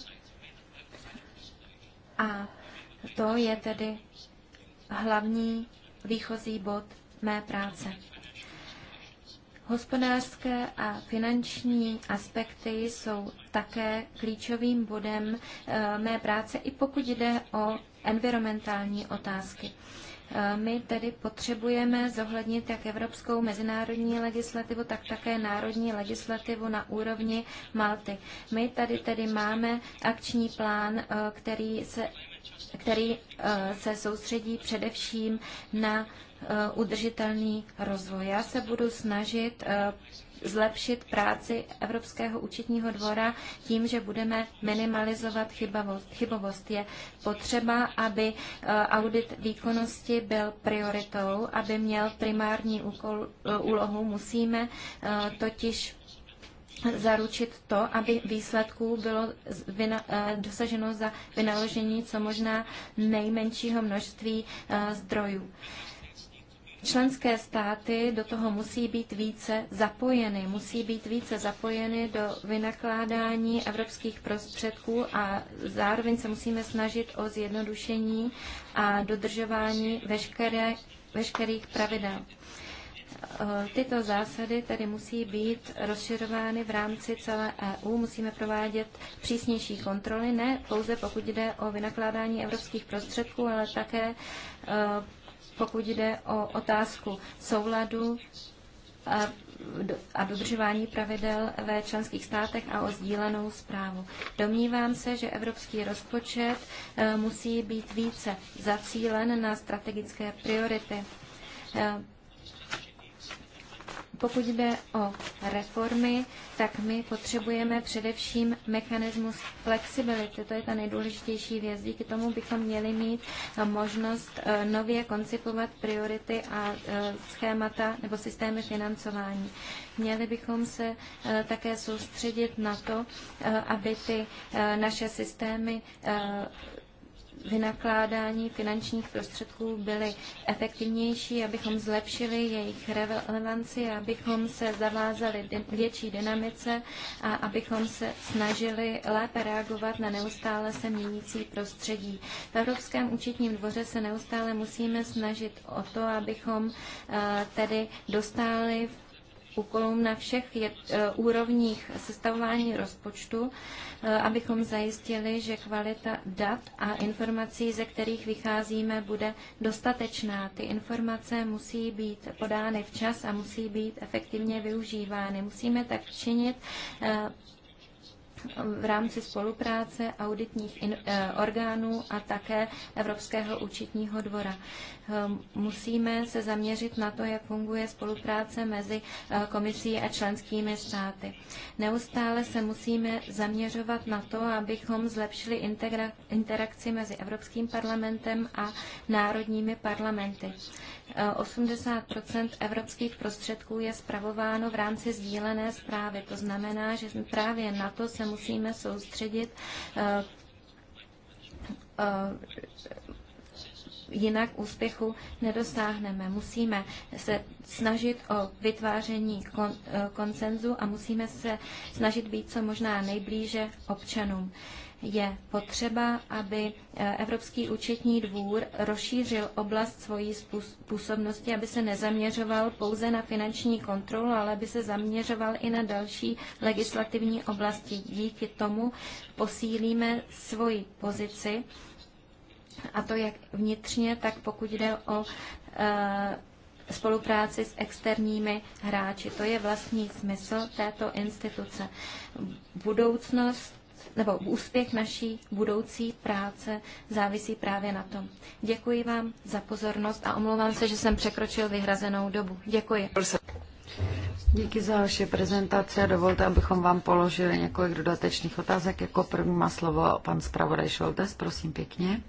A to je tedy hlavní výchozí bod mé práce. Hospodářské a finanční aspekty jsou také klíčovým bodem eh, mé práce, i pokud jde o environmentální otázky. Eh, my tedy potřebujeme zohlednit jak evropskou mezinárodní legislativu, tak také národní legislativu na úrovni Malty. My tady tedy máme akční plán, eh, který se, který se soustředí především na udržitelný rozvoj. Já se budu snažit zlepšit práci Evropského účetního dvora tím, že budeme minimalizovat chybovost. chybovost. Je potřeba, aby eh, audit výkonnosti byl prioritou, aby měl primární úkol, eh, úlohu. Musíme eh, totiž zaručit to, aby výsledků bylo vyna, dosaženo za vynaložení co možná nejmenšího množství zdrojů. Členské státy do toho musí být více zapojeny, musí být více zapojeny do vynakládání evropských prostředků a zároveň se musíme snažit o zjednodušení a dodržování veškeré, veškerých pravidel. Eh, tyto zásady tedy musí být rozširovány v rámci celé EU. Musíme provádět přísnější kontroly, ne pouze pokud jde o vynakládání evropských prostředků, ale také eh, pokud jde o otázku souladu a, eh, a dodržování pravidel ve členských státech a o sdílenou zprávu. Domnívám se, že evropský rozpočet eh, musí být více zacílen na strategické priority. Eh, pokud jde o reformy, tak my potřebujeme především mechanismus flexibility. To je ta nejdůležitější věc. Díky tomu bychom měli mít možnost eh, nově koncipovat priority a eh, schémata nebo systémy financování. Měli bychom se eh, také soustředit na to, aby ty naše systémy vynakládání finančních prostředků byly efektivnější, abychom zlepšili jejich relevanci, abychom se zavázali větší dynamice a abychom se snažili lépe reagovat na neustále se měnící prostředí. V Evropském účetním dvoře se neustále musíme snažit o to, abychom eh, tedy dostali v úkolům na všech eh, úrovních sestavování rozpočtu, eh, abychom zajistili, že kvalita dat a informací, ze kterých vycházíme, bude dostatečná. Ty informace musí být podány včas a musí být efektivně využívány. Musíme tak činit eh, v rámci spolupráce auditních in, eh, orgánů a také Evropského účetního dvora. Eh, musíme se zaměřit na to, jak funguje spolupráce mezi eh, komisí a členskými státy. Neustále se musíme zaměřovat na to, abychom zlepšili integra, interakci mezi Evropským parlamentem a národními parlamenty. 80 evropských prostředků je spravováno v rámci sdílené zprávy. To znamená, že právě na to se musíme soustředit eh, eh, jinak úspěchu nedosáhneme. Musíme se snažit o vytváření kon, eh, konsenzu a musíme se snažit být co možná nejblíže občanům je potřeba, aby eh, Evropský účetní dvůr rozšířil oblast svojí působnosti, aby se nezaměřoval pouze na finanční kontrolu, ale aby se zaměřoval i na další legislativní oblasti. Díky tomu posílíme svoji pozici, a to jak vnitřně, tak pokud jde o eh, spolupráci s externími hráči. To je vlastní smysl této instituce. Budoucnost nebo úspěch naší budoucí práce závisí právě na tom. Děkuji vám za pozornost a omlouvám se, že jsem překročil vyhrazenou dobu. Děkuji. Díky za vaše prezentaci a dovolte, abychom vám položili několik dodatečných otázek. Jako první má slovo pan zpravodaj Šoltes, prosím pěkně.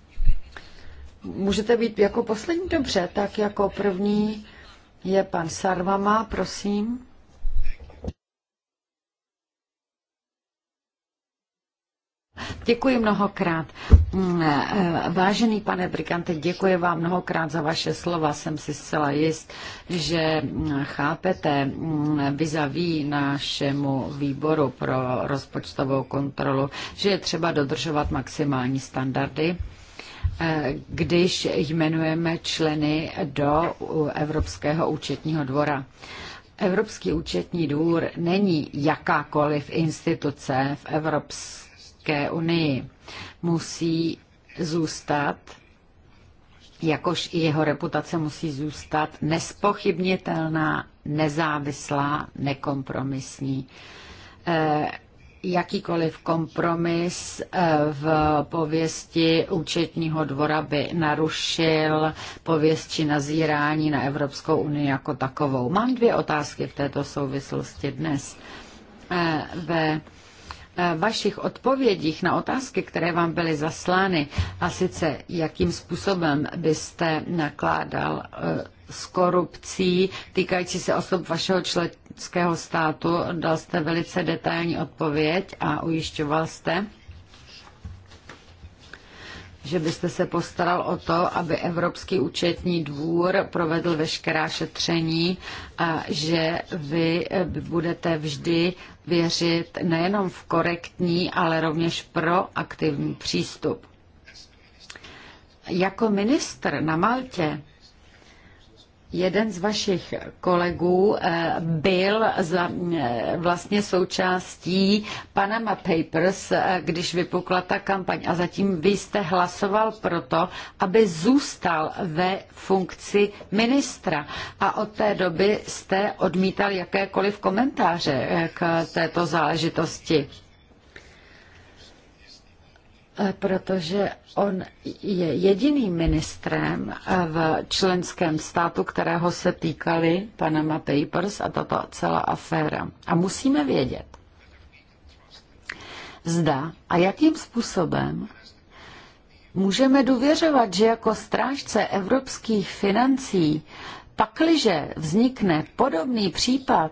Můžete být jako poslední dobře, tak jako první je pan Sarvama, prosím. Děkuji mnohokrát. Mm, eh, vážený pane Brigante, děkuji vám mnohokrát za vaše slova. Jsem si zcela jist, že mm, chápete mm, vizaví našemu výboru pro rozpočtovou kontrolu, že je třeba dodržovat maximální standardy eh, když jmenujeme členy do Evropského účetního dvora. Evropský účetní dvůr není jakákoliv instituce v Evropské Evropské unii. Musí zůstat, jakož i jeho reputace musí zůstat nespochybnitelná, nezávislá, nekompromisní. Eh, jakýkoliv kompromis eh, v pověsti účetního dvora by narušil pověst či nazírání na Evropskou unii jako takovou. Mám dvě otázky v této souvislosti dnes. Eh, ve Eh, vašich odpovědích na otázky, které vám byly zaslány, a sice jakým způsobem byste nakládal eh, s korupcí týkající se osob vašeho členského státu, dal jste velice detailní odpověď a ujišťoval jste, že byste se postaral o to, aby Evropský účetní dvůr provedl veškerá šetření a že vy eh, budete vždy věřit nejenom v korektní, ale rovněž proaktivní přístup. Jako ministr na Maltě Jeden z vašich kolegů eh, byl za, eh, vlastně součástí Panama Papers, eh, když vypukla ta kampaň a zatím vy jste hlasoval proto, aby zůstal ve funkci ministra a od té doby jste odmítal jakékoliv komentáře k této záležitosti. Eh, protože on je jediným ministrem eh, v členském státu, kterého se týkaly Panama Papers a tato celá aféra. A musíme vědět, zda a jakým způsobem můžeme důvěřovat, že jako strážce evropských financí, pakliže vznikne podobný případ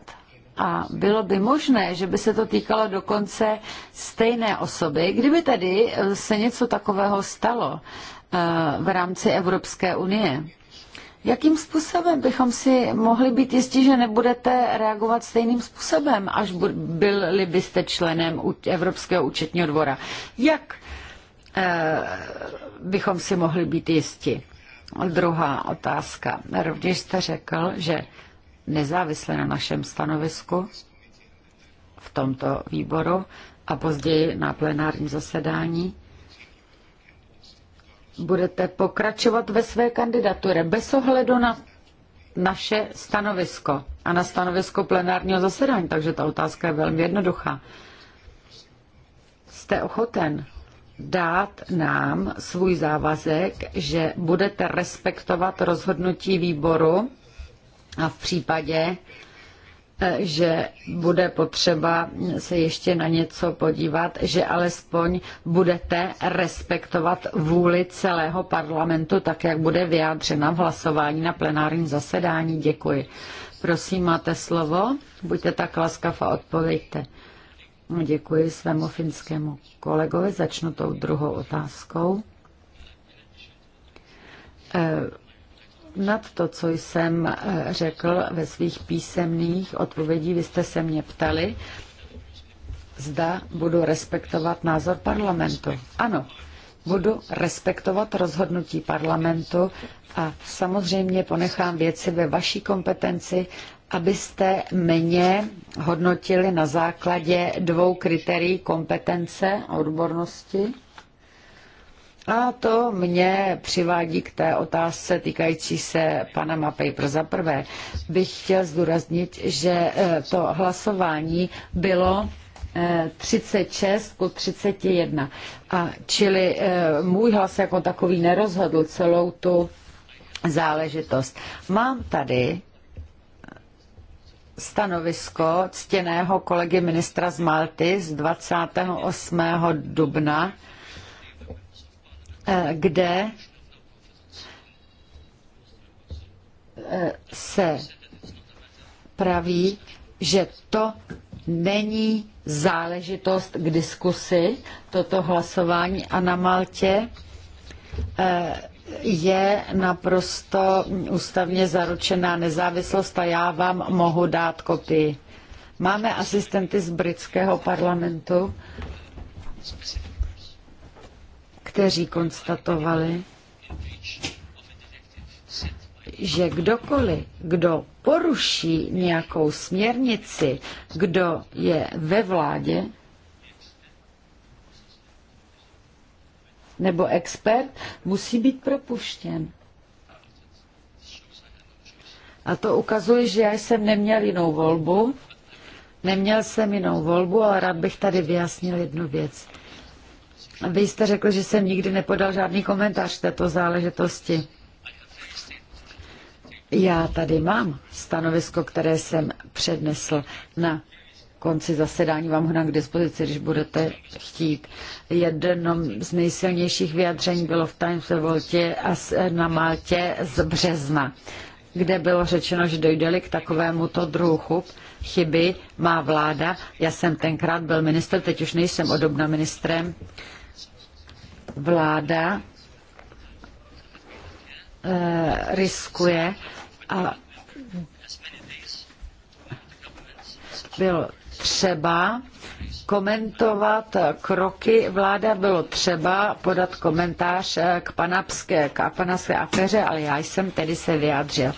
a bylo by možné, že by se to týkalo dokonce stejné osoby, kdyby tady eh, se něco takového stalo eh, v rámci Evropské unie. Jakým způsobem bychom si mohli být jistí, že nebudete reagovat stejným způsobem, až byli byste členem Evropského účetního dvora? Jak eh, bychom si mohli být jisti? Druhá otázka. Rovněž jste řekl, že nezávisle na našem stanovisku v tomto výboru a později na plenárním zasedání budete pokračovat ve své kandidatuře bez ohledu na naše stanovisko a na stanovisko plenárního zasedání, takže ta otázka je velmi jednoduchá. Jste ochoten dát nám svůj závazek, že budete respektovat rozhodnutí výboru a v případě, eh, že bude potřeba se ještě na něco podívat, že alespoň budete respektovat vůli celého parlamentu, tak jak bude vyjádřena v hlasování na plenárním zasedání. Děkuji. Prosím, máte slovo. Buďte tak laskav a odpovědte. No, děkuji svému finskému kolegovi. Začnu tou druhou otázkou. E nad to, co jsem eh, řekl ve svých písemných odpovědí. Vy jste se mě ptali, zda budu respektovat názor parlamentu. Ano, budu respektovat rozhodnutí parlamentu a samozřejmě ponechám věci ve vaší kompetenci, abyste mě hodnotili na základě dvou kritérií kompetence a odbornosti a to mě přivádí k té otázce týkající se Panama Paper. Za prvé bych chtěl zdůraznit, že eh, to hlasování bylo 36 eh, ku 31. A čili eh, můj hlas jako takový nerozhodl celou tu záležitost. Mám tady stanovisko ctěného kolegy ministra z Malty z 28. dubna Eh, kde eh, se praví, že to není záležitost k diskusi, toto hlasování a na Maltě eh, je naprosto ústavně zaručená nezávislost a já vám mohu dát kopii. Máme asistenty z britského parlamentu kteří konstatovali, že kdokoliv, kdo poruší nějakou směrnici, kdo je ve vládě, nebo expert, musí být propuštěn. A to ukazuje, že já jsem neměl jinou volbu. Neměl jsem jinou volbu, ale rád bych tady vyjasnil jednu věc. Vy jste řekl, že jsem nikdy nepodal žádný komentář této záležitosti. Já tady mám stanovisko, které jsem přednesl na konci zasedání vám ho na k dispozici, když budete chtít. Jedno z nejsilnějších vyjadření bylo v Times of Voltě a na Maltě z března, kde bylo řečeno, že dojde-li k takovémuto druhu chub, chyby má vláda. Já jsem tenkrát byl minister, teď už nejsem odobna ministrem vláda eh, riskuje a bylo třeba komentovat kroky vláda, bylo třeba podat komentář k panapské, k panapské aféře, ale já jsem tedy se vyjádřil.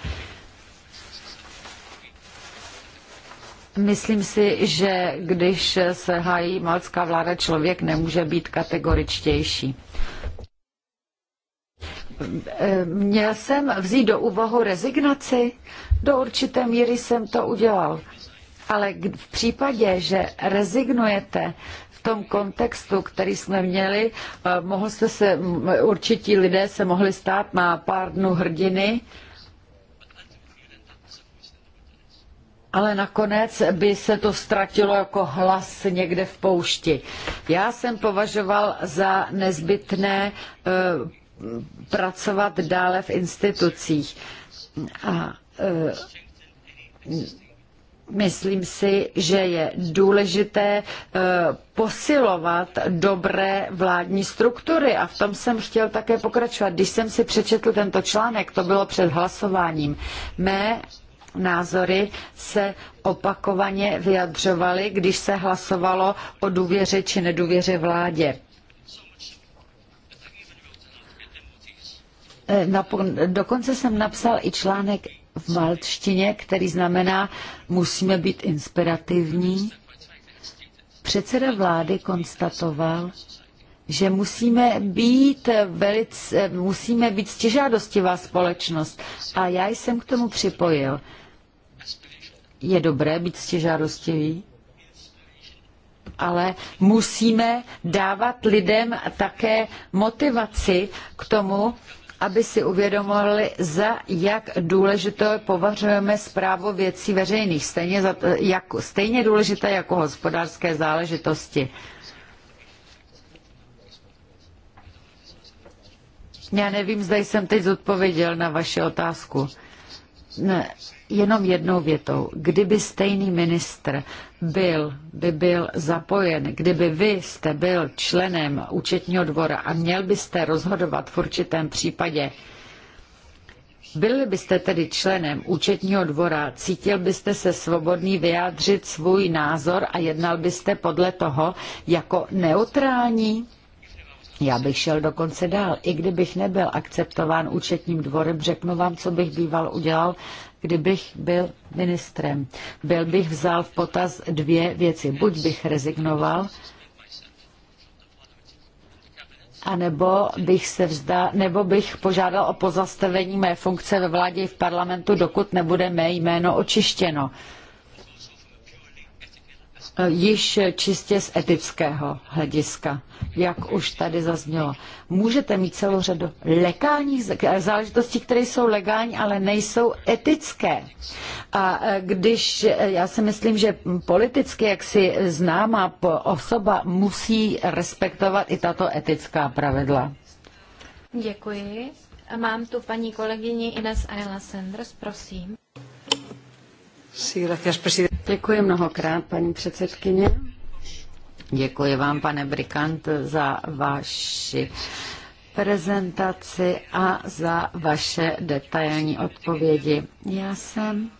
Myslím si, že když se hájí malcká vláda, člověk nemůže být kategoričtější. Měl jsem vzít do úvahu rezignaci? Do určité míry jsem to udělal. Ale v případě, že rezignujete v tom kontextu, který jsme měli, eh, mohl jste se, určití lidé se mohli stát na pár dnů hrdiny, ale nakonec by se to ztratilo jako hlas někde v poušti. Já jsem považoval za nezbytné e, pracovat dále v institucích. A e, Myslím si, že je důležité e, posilovat dobré vládní struktury a v tom jsem chtěl také pokračovat. Když jsem si přečetl tento článek, to bylo před hlasováním, mé názory se opakovaně vyjadřovaly, když se hlasovalo o důvěře či nedůvěře vládě. E, dokonce jsem napsal i článek v maltštině, který znamená, musíme být inspirativní. Předseda vlády konstatoval, že musíme být, velice, musíme být stěžádostivá společnost. A já jsem k tomu připojil, je dobré být stěžádostivý, ale musíme dávat lidem také motivaci k tomu, aby si uvědomovali, za jak důležité považujeme zprávu věcí veřejných, stejně, za, jak, stejně důležité jako hospodářské záležitosti. Já nevím, zda jsem teď zodpověděl na vaši otázku. Ne, jenom jednou větou. Kdyby stejný ministr byl, by byl zapojen, kdyby vy jste byl členem účetního dvora a měl byste rozhodovat v určitém případě, byli byste tedy členem účetního dvora, cítil byste se svobodný vyjádřit svůj názor a jednal byste podle toho jako neutrální? Já bych šel dokonce dál. I kdybych nebyl akceptován účetním dvorem, řeknu vám, co bych býval udělal, kdybych byl ministrem. Byl bych vzal v potaz dvě věci. Buď bych rezignoval, nebo bych se vzda, nebo bych požádal o pozastavení mé funkce ve vládě i v parlamentu, dokud nebude mé jméno očištěno. Uh, již čistě z etického hlediska, jak už tady zaznělo. Můžete mít celou řadu legálních eh, záležitostí, které jsou legální, ale nejsou etické. A eh, když, eh, já si myslím, že politicky, jak si známá osoba, musí respektovat i tato etická pravidla. Děkuji. Mám tu paní kolegyni Ines Ayla Sanders, prosím. Děkuji mnohokrát, paní předsedkyně. Děkuji vám, pane Brikant, za vaši prezentaci a za vaše detailní odpovědi. Já jsem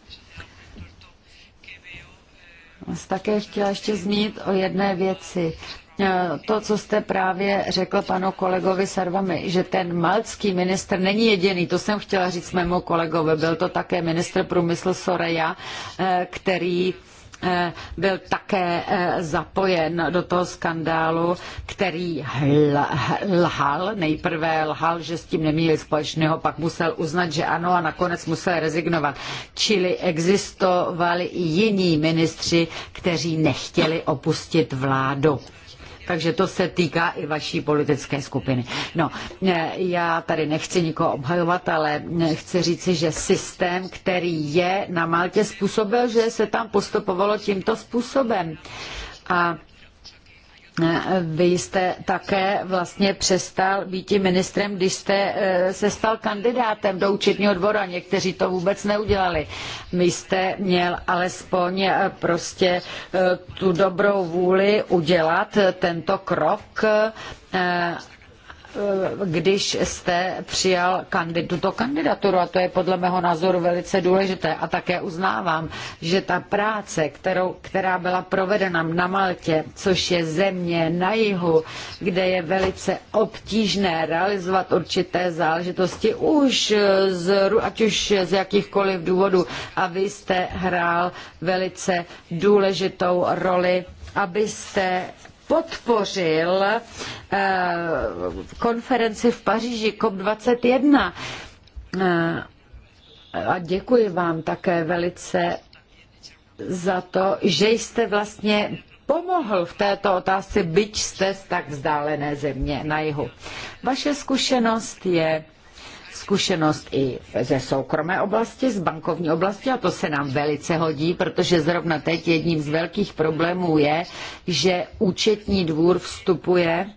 vás také chtěla ještě zmínit o jedné věci. Eh, to, co jste právě řekl panu kolegovi Sarvami, že ten malcký ministr není jediný, to jsem chtěla říct mému kolegovi, byl to také ministr průmyslu Soreja, eh, který eh, byl také zapojen do toho skandálu, který lhal, nejprve lhal, že s tím neměli společného, pak musel uznat, že ano a nakonec musel rezignovat. Čili existovali i jiní ministři, kteří nechtěli opustit vládu takže to se týká i vaší politické skupiny. No, eh, já tady nechci nikoho obhajovat, ale chci říci, že systém, který je na Maltě, způsobil, že se tam postupovalo tímto způsobem. A Eh, vy jste také vlastně přestal být ministrem, když jste eh, se stal kandidátem do účetního dvora. Někteří to vůbec neudělali. Vy jste měl alespoň eh, prostě tu dobrou vůli udělat tento krok Eh, když jste přijal kandid, tuto kandidaturu a to je podle mého názoru velice důležité a také uznávám, že ta práce, kterou, která byla provedena na Maltě, což je země na jihu, kde je velice obtížné realizovat určité záležitosti už z, ať už z jakýchkoliv důvodů a vy jste hrál velice důležitou roli abyste podpořil eh, konferenci v Paříži COP21. Eh, a děkuji vám také velice za to, že jste vlastně pomohl v této otázce, byť jste z tak vzdálené země na jihu. Vaše zkušenost je zkušenost i ze soukromé oblasti, z bankovní oblasti a to se nám velice hodí, protože zrovna teď jedním z velkých problémů je, že účetní dvůr vstupuje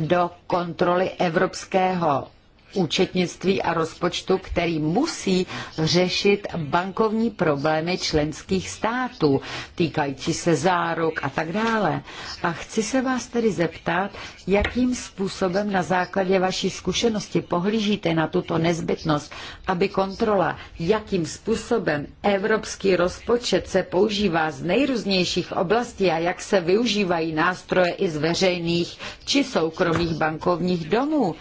do kontroly Evropského účetnictví a rozpočtu, který musí řešit bankovní problémy členských států, týkající se záruk a tak dále. A chci se vás tedy zeptat, jakým způsobem na základě vaší zkušenosti pohlížíte na tuto nezbytnost, aby kontrola, jakým způsobem evropský rozpočet se používá z nejrůznějších oblastí a jak se využívají nástroje i z veřejných či soukromých bankovních domů.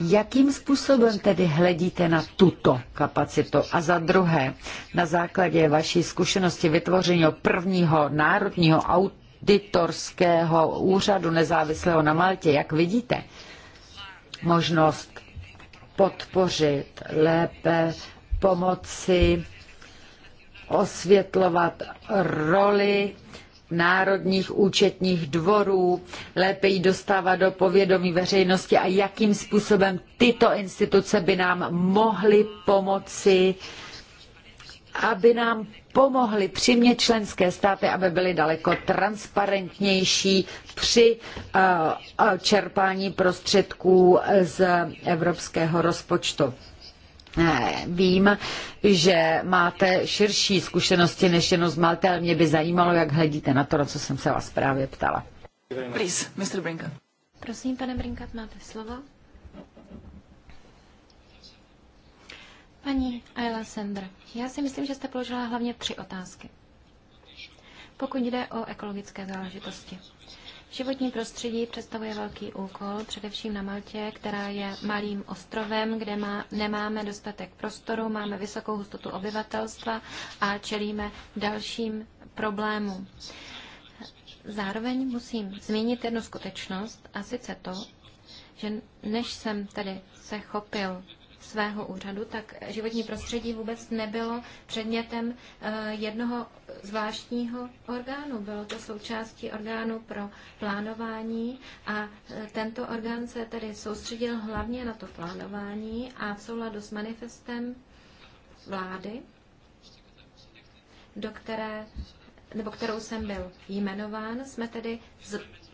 Jakým způsobem tedy hledíte na tuto kapacitu? A za druhé, na základě vaší zkušenosti vytvoření prvního národního auditorského úřadu nezávislého na Maltě, jak vidíte možnost podpořit, lépe pomoci osvětlovat roli národních účetních dvorů, lépe ji dostávat do povědomí veřejnosti a jakým způsobem tyto instituce by nám mohly pomoci, aby nám pomohly přimět členské státy, aby byly daleko transparentnější při eh, eh, čerpání prostředků z evropského rozpočtu. Vím, že máte širší zkušenosti než jenom z Malte, ale mě by zajímalo, jak hledíte na to, na co jsem se vás právě ptala. Please, Mr. Brinkat. Prosím, pane Brinkat, máte slovo. Paní Ayla Sender, já si myslím, že jste položila hlavně tři otázky. Pokud jde o ekologické záležitosti. Životní prostředí představuje velký úkol, především na Maltě, která je malým ostrovem, kde má, nemáme dostatek prostoru, máme vysokou hustotu obyvatelstva a čelíme dalším problémům. Zároveň musím zmínit jednu skutečnost, a sice to, že než jsem tedy se chopil svého úřadu, tak životní prostředí vůbec nebylo předmětem eh, jednoho zvláštního orgánu. Bylo to součástí orgánu pro plánování a eh, tento orgán se tedy soustředil hlavně na to plánování a v souladu s manifestem vlády, do které nebo kterou jsem byl jmenován, jsme tedy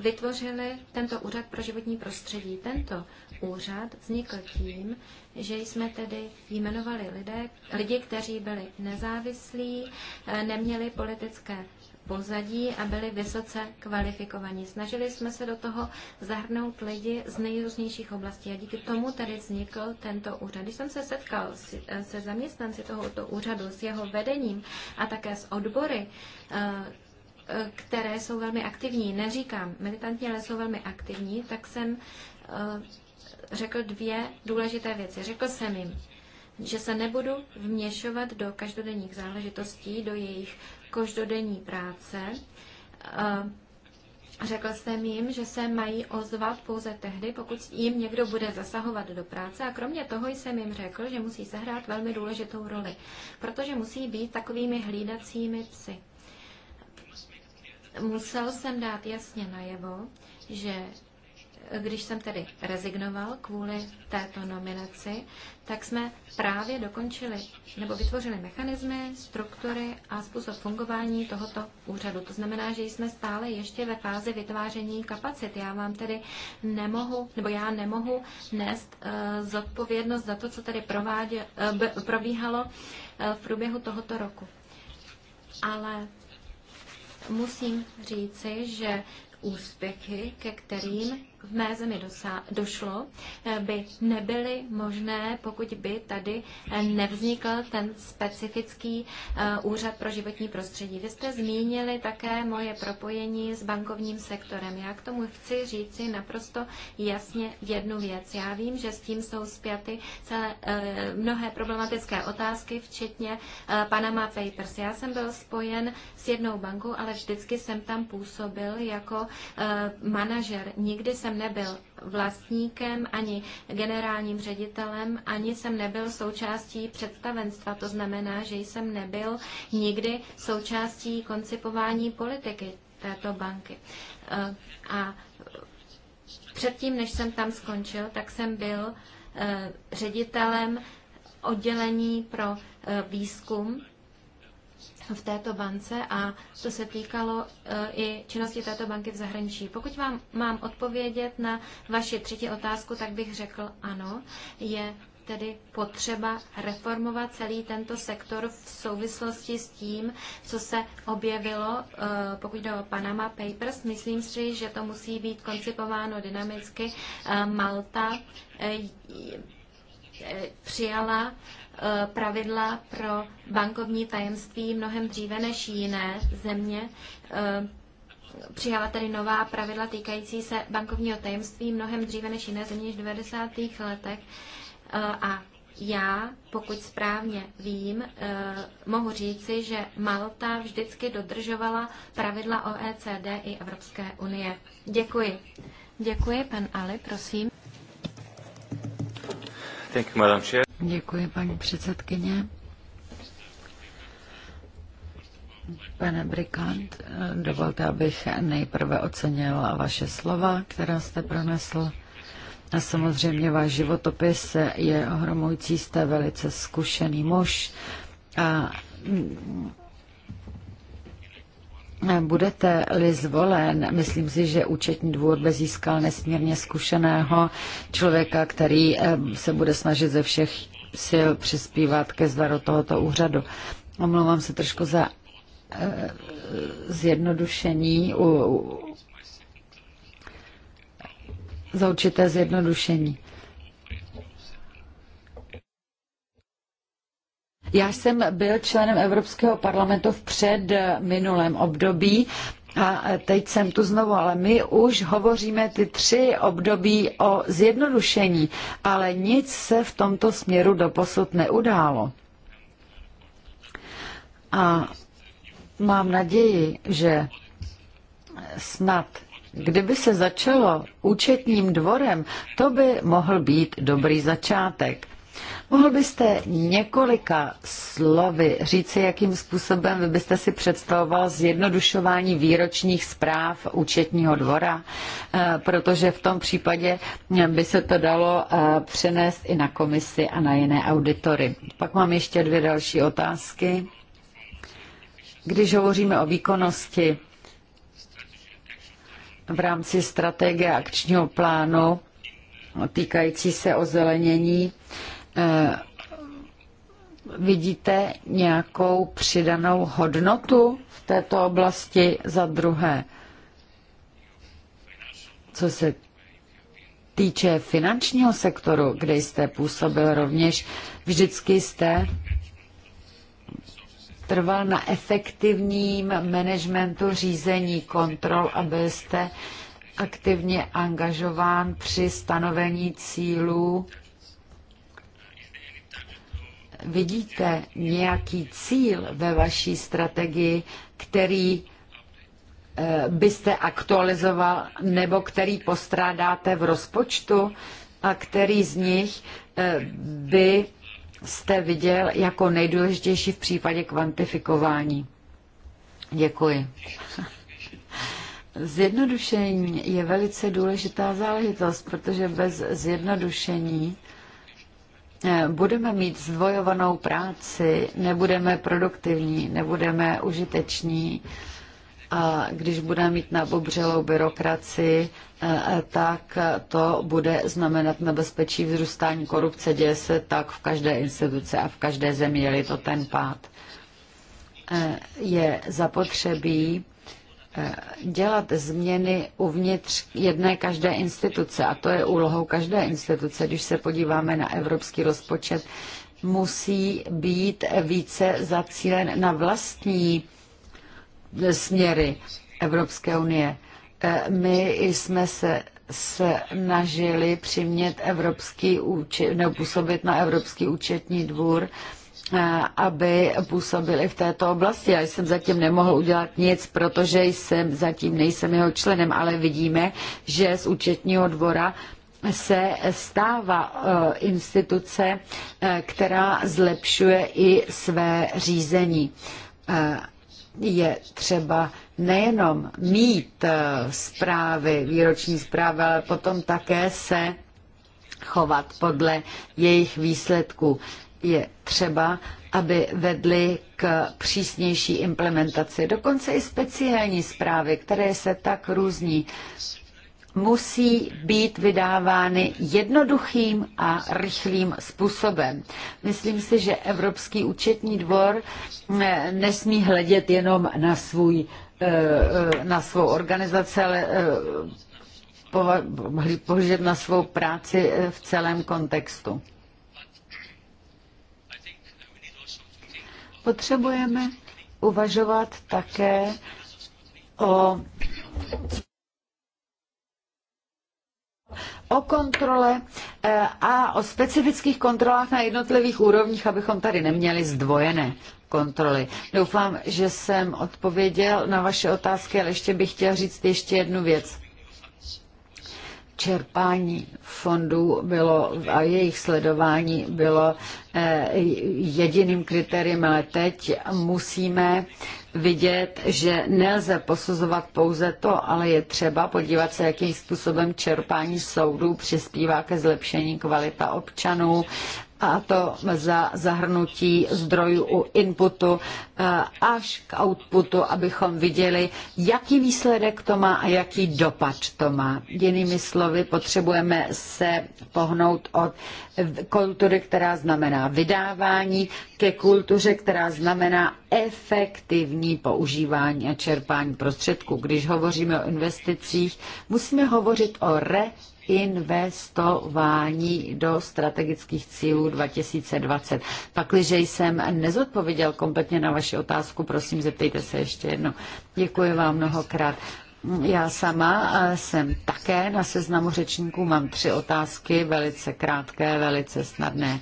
vytvořili tento úřad pro životní prostředí. Tento úřad vznikl tím, že jsme tedy jmenovali lidé, lidi, kteří byli nezávislí, eh, neměli politické pozadí a byli vysoce kvalifikovaní. Snažili jsme se do toho zahrnout lidi z nejrůznějších oblastí a díky tomu tady vznikl tento úřad. Když jsem se setkal eh, se zaměstnanci tohoto úřadu, s jeho vedením a také s odbory, eh, které jsou velmi aktivní, neříkám militantně, ale jsou velmi aktivní, tak jsem řekl dvě důležité věci. Řekl jsem jim, že se nebudu vměšovat do každodenních záležitostí, do jejich každodenní práce. Eh, řekl jsem jim, že se mají ozvat pouze tehdy, pokud jim někdo bude zasahovat do práce a kromě toho jsem jim řekl, že musí sehrát velmi důležitou roli, protože musí být takovými hlídacími psy. Musel jsem dát jasně najevo, že když jsem tedy rezignoval kvůli této nominaci, tak jsme právě dokončili nebo vytvořili mechanismy, struktury a způsob fungování tohoto úřadu. To znamená, že jsme stále ještě ve fázi vytváření kapacit. Já vám tedy nemohu, nebo já nemohu nést uh, zodpovědnost za to, co tady provádě, uh, b, probíhalo uh, v průběhu tohoto roku. Ale musím říci, že úspěchy, ke kterým v mé zemi došlo, eh, by nebyly možné, pokud by tady eh, nevznikl ten specifický eh, úřad pro životní prostředí. Vy jste zmínili také moje propojení s bankovním sektorem. Já k tomu chci říci naprosto jasně jednu věc. Já vím, že s tím jsou zpěty celé, mnohé problematické otázky, včetně Panama Papers. Já jsem byl spojen s jednou bankou, ale vždycky jsem tam působil jako manažer. Nikdy jsem jsem nebyl vlastníkem, ani generálním ředitelem, ani jsem nebyl součástí představenstva. To znamená, že jsem nebyl nikdy součástí koncipování politiky této banky. Eh, a předtím, než jsem tam skončil, tak jsem byl eh, ředitelem oddělení pro eh, výzkum v této bance a to se týkalo eh, i činnosti této banky v zahraničí. Pokud vám mám odpovědět na vaši třetí otázku, tak bych řekl ano, je tedy potřeba reformovat celý tento sektor v souvislosti s tím, co se objevilo, eh, pokud jde o Panama Papers. Myslím si, že to musí být koncipováno dynamicky. Eh, Malta přijala Eh, pravidla pro bankovní tajemství mnohem dříve než jiné země. Eh, přijala tady nová pravidla týkající se bankovního tajemství mnohem dříve než jiné země než v 90. letech. Eh, a já, pokud správně vím, mohu říci, že Malta vždycky dodržovala pravidla OECD i Evropské unie. Děkuji. Děkuji, pan Ali, prosím. Thank you, madam chair. Děkuji, paní předsedkyně. Pane Brikant, dovolte, abych nejprve ocenil vaše slova, která jste pronesl. A samozřejmě váš životopis je ohromující, jste velice zkušený muž a Budete-li zvolen, myslím si, že účetní dvůr by získal nesmírně zkušeného člověka, který eh, se bude snažit ze všech sil přispívat ke zdaru tohoto úřadu. Omlouvám se trošku za e, zjednodušení, u, u, za určité zjednodušení. Já jsem byl členem Evropského parlamentu v předminulém období a teď jsem tu znovu, ale my už hovoříme ty tři období o zjednodušení, ale nic se v tomto směru doposud neudálo. A mám naději, že snad Kdyby se začalo účetním dvorem, to by mohl být dobrý začátek. Mohl byste několika slovy říci, jakým způsobem vy byste si představoval zjednodušování výročních zpráv účetního dvora, eh, protože v tom případě by se to dalo eh, přenést i na komisy a na jiné auditory. Pak mám ještě dvě další otázky. Když hovoříme o výkonnosti v rámci strategie akčního plánu týkající se ozelenění, Eh, vidíte nějakou přidanou hodnotu v této oblasti za druhé? Co se týče finančního sektoru, kde jste působil rovněž, vždycky jste trval na efektivním managementu řízení kontrol a byl jste aktivně angažován při stanovení cílů vidíte nějaký cíl ve vaší strategii, který eh, byste aktualizoval nebo který postrádáte v rozpočtu a který z nich eh, by jste viděl jako nejdůležitější v případě kvantifikování. Děkuji. Zjednodušení je velice důležitá záležitost, protože bez zjednodušení Eh, budeme mít zdvojovanou práci, nebudeme produktivní, nebudeme užiteční a když budeme mít nabobřelou byrokracii, eh, tak to bude znamenat nebezpečí vzrůstání korupce. Děje se tak v každé instituce a v každé zemi, je to ten pád. Eh, je zapotřebí Eh, dělat změny uvnitř jedné každé instituce, a to je úlohou každé instituce, když se podíváme na evropský rozpočet, musí být více zacílen na vlastní eh, směry Evropské unie. Eh, my jsme se snažili přimět Evropský účet, nebo působit na Evropský účetní dvůr, Eh, aby působili v této oblasti. Já jsem zatím nemohl udělat nic, protože jsem zatím nejsem jeho členem, ale vidíme, že z účetního dvora se stává eh, instituce, eh, která zlepšuje i své řízení. Je třeba nejenom mít zprávy, výroční zprávy, ale potom také se chovat podle jejich výsledků je třeba, aby vedly k přísnější implementaci. Dokonce i speciální zprávy, které se tak různí, musí být vydávány jednoduchým a rychlým způsobem. Myslím si, že Evropský účetní dvor eh, nesmí hledět jenom na, svůj, eh, eh, na svou organizaci, ale pohlížet na svou práci v celém kontextu. Potřebujeme uvažovat také o o kontrole eh, a o specifických kontrolách na jednotlivých úrovních, abychom tady neměli zdvojené kontroly. Doufám, že jsem odpověděl na vaše otázky, ale ještě bych chtěl říct ještě jednu věc čerpání fondů bylo a jejich sledování bylo eh, jediným kritériem, ale teď musíme vidět, že nelze posuzovat pouze to, ale je třeba podívat se, jakým způsobem čerpání soudů přispívá ke zlepšení kvalita občanů a to za zahrnutí zdrojů u inputu eh, až k outputu, abychom viděli, jaký výsledek to má a jaký dopad to má. Jinými slovy, potřebujeme se pohnout od kultury, která znamená vydávání, ke kultuře, která znamená efektivní používání a čerpání prostředků. Když hovoříme o investicích, musíme hovořit o re investování do strategických cílů 2020. Pakliže jsem nezodpověděl kompletně na vaši otázku, prosím, zeptejte se ještě jednou. Děkuji vám mnohokrát. Já sama eh, jsem také na seznamu řečníků, mám tři otázky, velice krátké, velice snadné.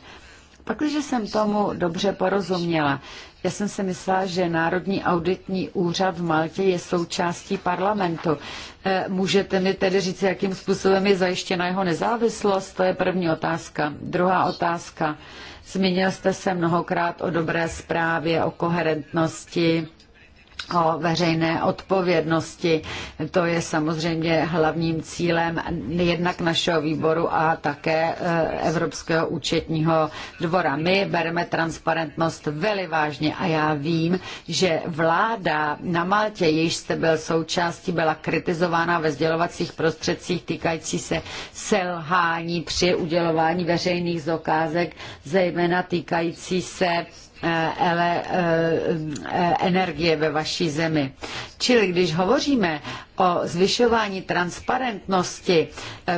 Pakliže jsem tomu dobře porozuměla, já jsem si myslela, že Národní auditní úřad v Maltě je součástí parlamentu. E, můžete mi tedy říct, jakým způsobem je zajištěna jeho nezávislost? To je první otázka. Druhá otázka. Zmínil jste se mnohokrát o dobré zprávě, o koherentnosti o veřejné odpovědnosti. To je samozřejmě hlavním cílem jednak našeho výboru a také e, Evropského účetního dvora. My bereme transparentnost velmi vážně a já vím, že vláda na Maltě, již jste byl součástí, byla kritizována ve sdělovacích prostředcích týkající se selhání při udělování veřejných zakázek, zejména týkající se Eh, ele, eh, eh, energie ve vaší zemi. Čili když hovoříme o zvyšování transparentnosti,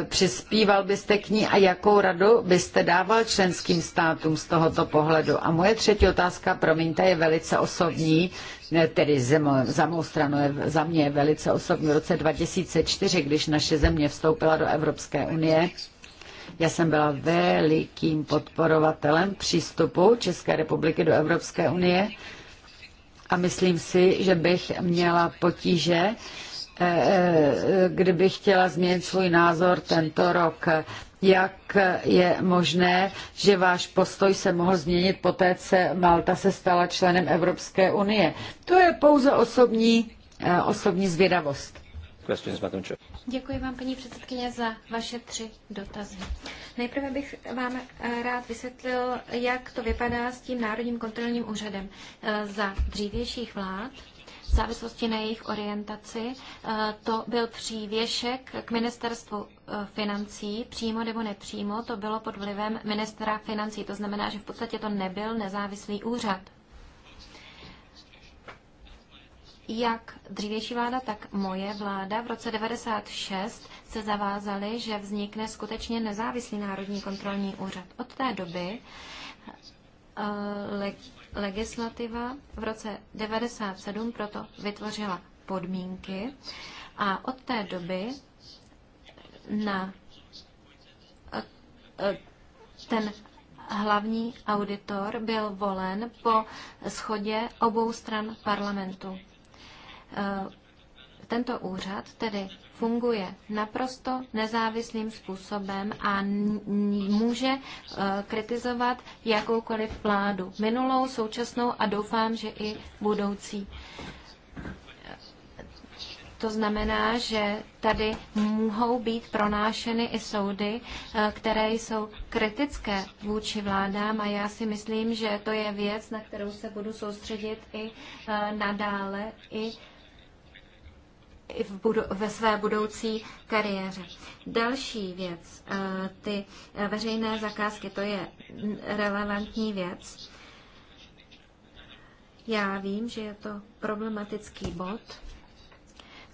přispíval byste k ní a jakou radu byste dával členským státům z tohoto pohledu? A moje třetí otázka, promiňte, je velice osobní, tedy za mou stranu je, za mě je velice osobní. V roce 2004, když naše země vstoupila do Evropské unie, já jsem byla velikým podporovatelem přístupu České republiky do Evropské unie a myslím si, že bych měla potíže, eh, eh, kdybych chtěla změnit svůj názor tento rok. Jak je možné, že váš postoj se mohl změnit poté, co Malta se stala členem Evropské unie? To je pouze osobní, eh, osobní zvědavost. Děkuji vám, paní předsedkyně, za vaše tři dotazy. Nejprve bych vám eh, rád vysvětlil, jak to vypadá s tím Národním kontrolním úřadem. Eh, za dřívějších vlád v závislosti na jejich orientaci. Eh, to byl přívěšek k ministerstvu financí, přímo nebo nepřímo, to bylo pod vlivem ministra financí. To znamená, že v podstatě to nebyl nezávislý úřad. jak dřívější vláda, tak moje vláda v roce 96 se zavázaly, že vznikne skutečně nezávislý Národní kontrolní úřad. Od té doby eh, legislativa v roce 97 proto vytvořila podmínky a od té doby na eh, eh, ten hlavní auditor byl volen po schodě obou stran parlamentu. Eh, tento úřad tedy funguje naprosto nezávislým způsobem a může eh, kritizovat jakoukoliv vládu, minulou, současnou a doufám, že i budoucí. Eh, to znamená, že tady mohou být pronášeny i soudy, které jsou kritické vůči vládám a já si myslím, že to je věc, na kterou se budu soustředit i nadále, i i v budu- ve své budoucí kariéře. Další věc, eh, ty veřejné zakázky, to je relevantní věc. Já vím, že je to problematický bod,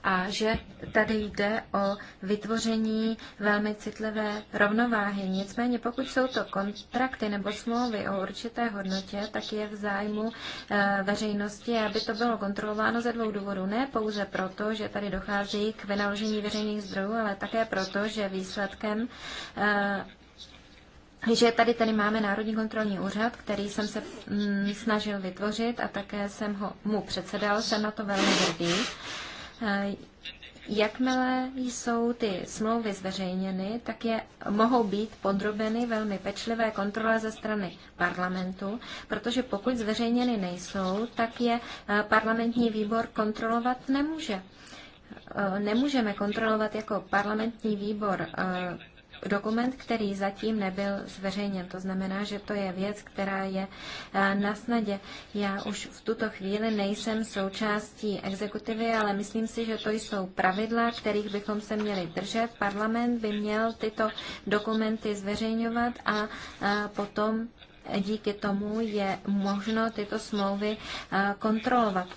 a že tady jde o vytvoření velmi citlivé rovnováhy. Nicméně pokud jsou to kontrakty nebo smlouvy o určité hodnotě, tak je v zájmu eh, veřejnosti, aby to bylo kontrolováno ze dvou důvodů. Ne pouze proto, že tady dochází k vynaložení veřejných zdrojů, ale také proto, že výsledkem eh, že tady tady máme Národní kontrolní úřad, který jsem se mm, snažil vytvořit a také jsem ho, mu předsedal, jsem na to velmi hrdý. Eh, jakmile jsou ty smlouvy zveřejněny, tak je mohou být podrobeny velmi pečlivé kontrole ze strany parlamentu, protože pokud zveřejněny nejsou, tak je eh, parlamentní výbor kontrolovat nemůže. Eh, nemůžeme kontrolovat jako parlamentní výbor dokument, který zatím nebyl zveřejněn. To znamená, že to je věc, která je eh, na snadě. Já už v tuto chvíli nejsem součástí exekutivy, ale myslím si, že to jsou pravidla, kterých bychom se měli držet. Parlament by měl tyto dokumenty zveřejňovat a eh, potom díky tomu je možno tyto smlouvy eh, kontrolovat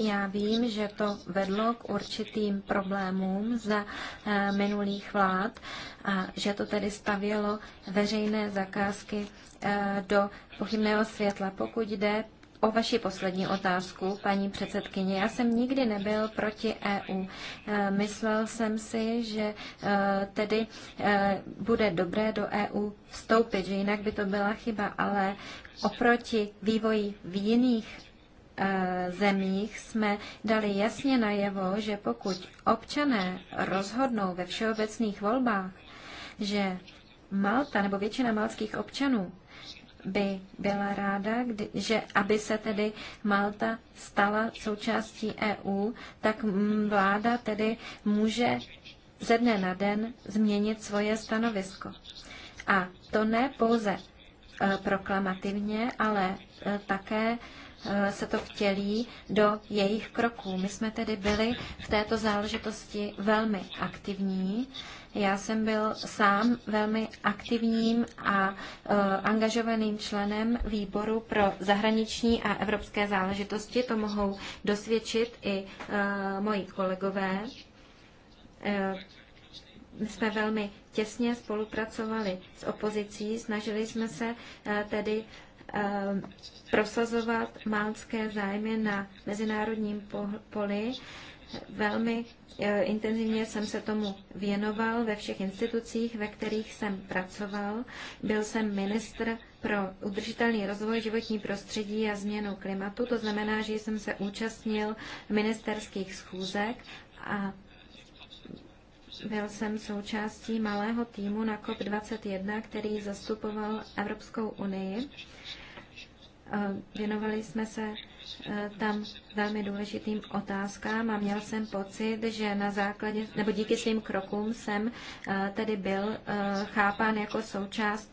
já vím, že to vedlo k určitým problémům za eh, minulých vlád a že to tedy stavělo veřejné zakázky eh, do pochybného světla. Pokud jde O vaši poslední otázku, paní předsedkyně, já jsem nikdy nebyl proti EU. Eh, myslel jsem si, že tedy bude dobré do EU vstoupit, že jinak by to byla chyba, ale oproti vývoji v jiných Eh, zemích jsme dali jasně najevo, že pokud občané rozhodnou ve všeobecných volbách, že Malta nebo většina maltských občanů by byla ráda, kdy, že aby se tedy Malta stala součástí EU, tak vláda tedy může ze dne na den změnit svoje stanovisko. A to ne pouze eh, proklamativně, ale eh, také Eh, se to vtělí do jejich kroků. My jsme tedy byli v této záležitosti velmi aktivní. Já jsem byl sám velmi aktivním a eh, angažovaným členem výboru pro zahraniční a evropské záležitosti. To mohou dosvědčit i eh, moji kolegové. My jsme velmi těsně spolupracovali s opozicí, snažili jsme se tedy Ehm, prosazovat malské zájmy na mezinárodním poli. Velmi eh, intenzivně jsem se tomu věnoval ve všech institucích, ve kterých jsem pracoval. Byl jsem ministr pro udržitelný rozvoj životní prostředí a změnu klimatu. To znamená, že jsem se účastnil ministerských schůzek a byl jsem součástí malého týmu na COP21, který zastupoval Evropskou unii. Věnovali jsme se e, tam velmi důležitým otázkám a měl jsem pocit, že na základě, nebo díky svým krokům jsem e, tedy byl e, chápán jako součást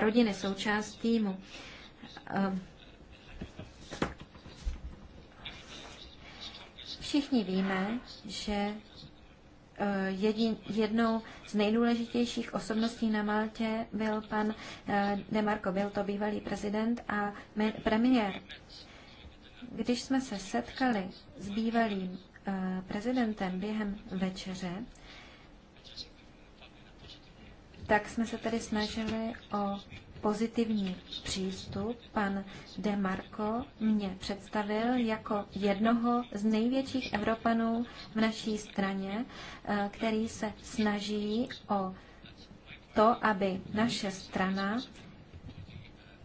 rodiny, součást týmu. Všichni víme, že Eh, jedin, jednou z nejdůležitějších osobností na Maltě byl pan eh, Demarko, byl to bývalý prezident a premiér. Když jsme se setkali s bývalým eh, prezidentem během večeře, tak jsme se tedy snažili o pozitivní přístup. Pan Marco mě představil jako jednoho z největších Evropanů v naší straně, eh, který se snaží o to, aby naše strana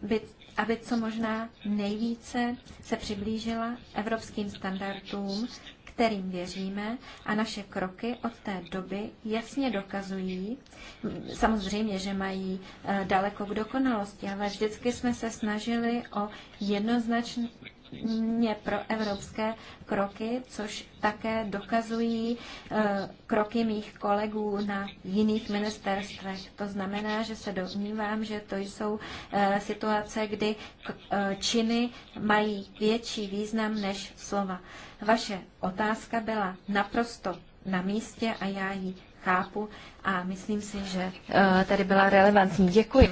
by, aby co možná nejvíce se přiblížila evropským standardům, kterým věříme a naše kroky od té doby jasně dokazují, samozřejmě, že mají eh, daleko k dokonalosti, ale vždycky jsme se snažili o jednoznačný mě pro evropské kroky, což také dokazují eh, kroky mých kolegů na jiných ministerstvech. To znamená, že se domnívám, že to jsou eh, situace, kdy eh, činy mají větší význam než slova. Vaše otázka byla naprosto na místě a já ji chápu a myslím si, že eh, tady byla relevantní. Děkuji.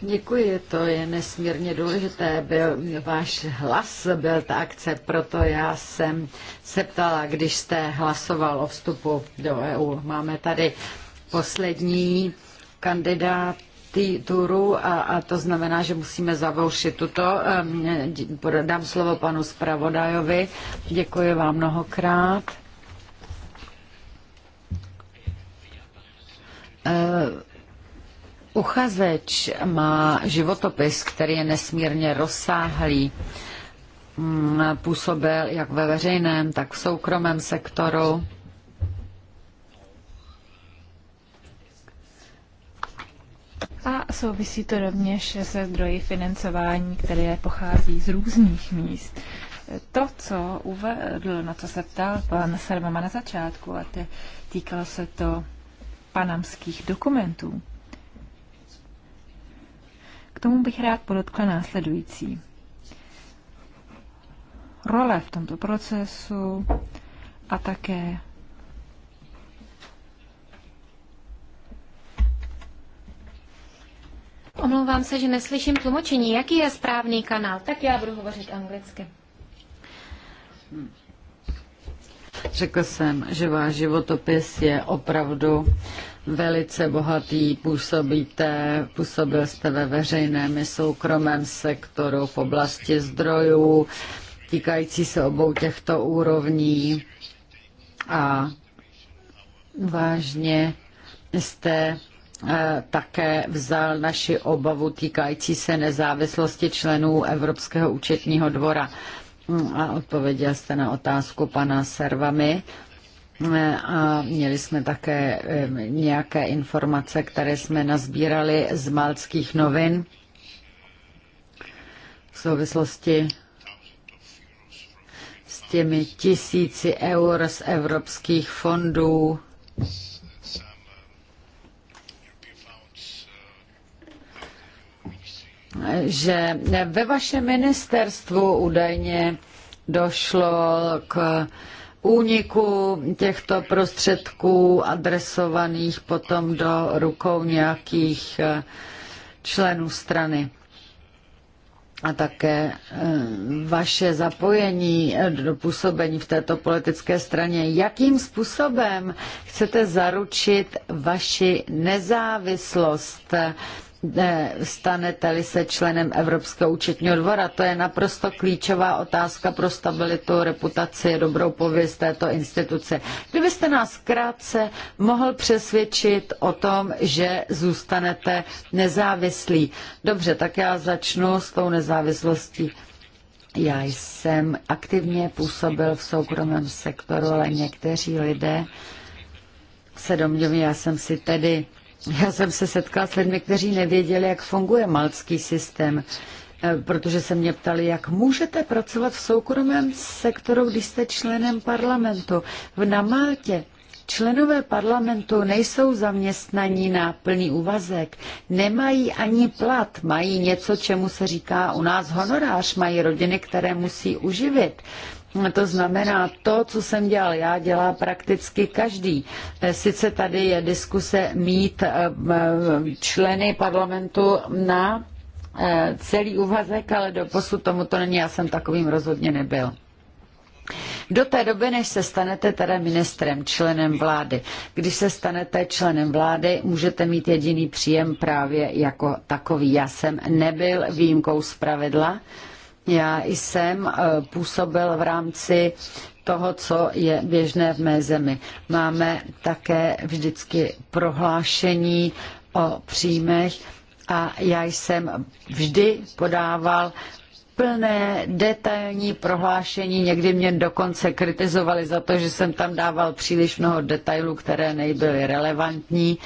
Děkuji, to je nesmírně důležité. Byl váš hlas, byl ta akce, proto já jsem se ptala, když jste hlasoval o vstupu do EU. Máme tady poslední kandidát turu a, a to znamená, že musíme zavoušit tuto. Ehm, Dám slovo panu zpravodajovi. Děkuji vám mnohokrát. Eh, uchazeč má životopis, který je nesmírně rozsáhlý. Mm, působil jak ve veřejném, tak v soukromém sektoru. A souvisí to rovněž se zdroji financování, které pochází z různých míst. To, co uvedl, na co se ptal pan Sarmama na začátku, a týkalo se to panamských dokumentů. K tomu bych rád podotkla následující. Role v tomto procesu a také Omlouvám se, že neslyším tlumočení. Jaký je správný kanál? Tak já budu hovořit anglicky. Hmm. Řekl jsem, že váš životopis je opravdu velice bohatý, působíte, působil jste ve veřejném i soukromém sektoru v oblasti zdrojů, týkající se obou těchto úrovní a vážně jste eh, také vzal naši obavu týkající se nezávislosti členů Evropského účetního dvora. Mm, a odpověděl jste na otázku pana Servamy mm, a měli jsme také nějaké informace, které jsme nazbírali z malckých novin v souvislosti s těmi tisíci eur z evropských fondů že ve vašem ministerstvu údajně došlo k úniku těchto prostředků adresovaných potom do rukou nějakých eh, členů strany. A také eh, vaše zapojení eh, do působení v této politické straně. Jakým způsobem chcete zaručit vaši nezávislost stanete-li se členem Evropského účetního dvora. To je naprosto klíčová otázka pro stabilitu, reputaci, dobrou pověst této instituce. Kdybyste nás krátce mohl přesvědčit o tom, že zůstanete nezávislí. Dobře, tak já začnu s tou nezávislostí. Já jsem aktivně působil v soukromém sektoru, ale někteří lidé se domnívají, já jsem si tedy já jsem se setkala s lidmi, kteří nevěděli, jak funguje malcký systém, eh, protože se mě ptali, jak můžete pracovat v soukromém sektoru, když jste členem parlamentu. V Namaltě Členové parlamentu nejsou zaměstnaní na plný úvazek, nemají ani plat, mají něco, čemu se říká u nás honorář, mají rodiny, které musí uživit. To znamená, to, co jsem dělal já, dělá prakticky každý. Eh, sice tady je diskuse mít eh, eh, členy parlamentu na celý úvazek, ale do posud tomu to není, já jsem takovým rozhodně nebyl. Do té doby, než se stanete teda ministrem, členem vlády, když se stanete členem vlády, můžete mít jediný příjem právě jako takový. Já jsem nebyl výjimkou z pravidla, já jsem eh, působil v rámci toho, co je běžné v mé zemi. Máme také vždycky prohlášení o příjmech a já jsem vždy podával plné detailní prohlášení. Někdy mě dokonce kritizovali za to, že jsem tam dával příliš mnoho detailů, které nebyly relevantní,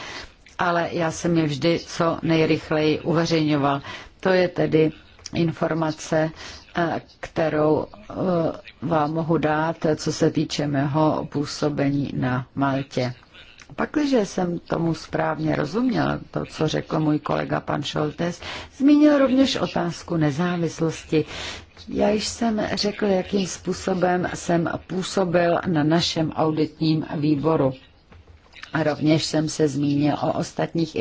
ale já jsem je vždy co nejrychleji uveřejňoval. To je tedy informace, kterou e, vám mohu dát, co se týče mého působení na Maltě. Pakliže jsem tomu správně rozuměl, to, co řekl můj kolega pan Šoltes, zmínil rovněž otázku nezávislosti. Já již jsem řekl, jakým způsobem jsem působil na našem auditním výboru. A rovněž jsem se zmínil o ostatních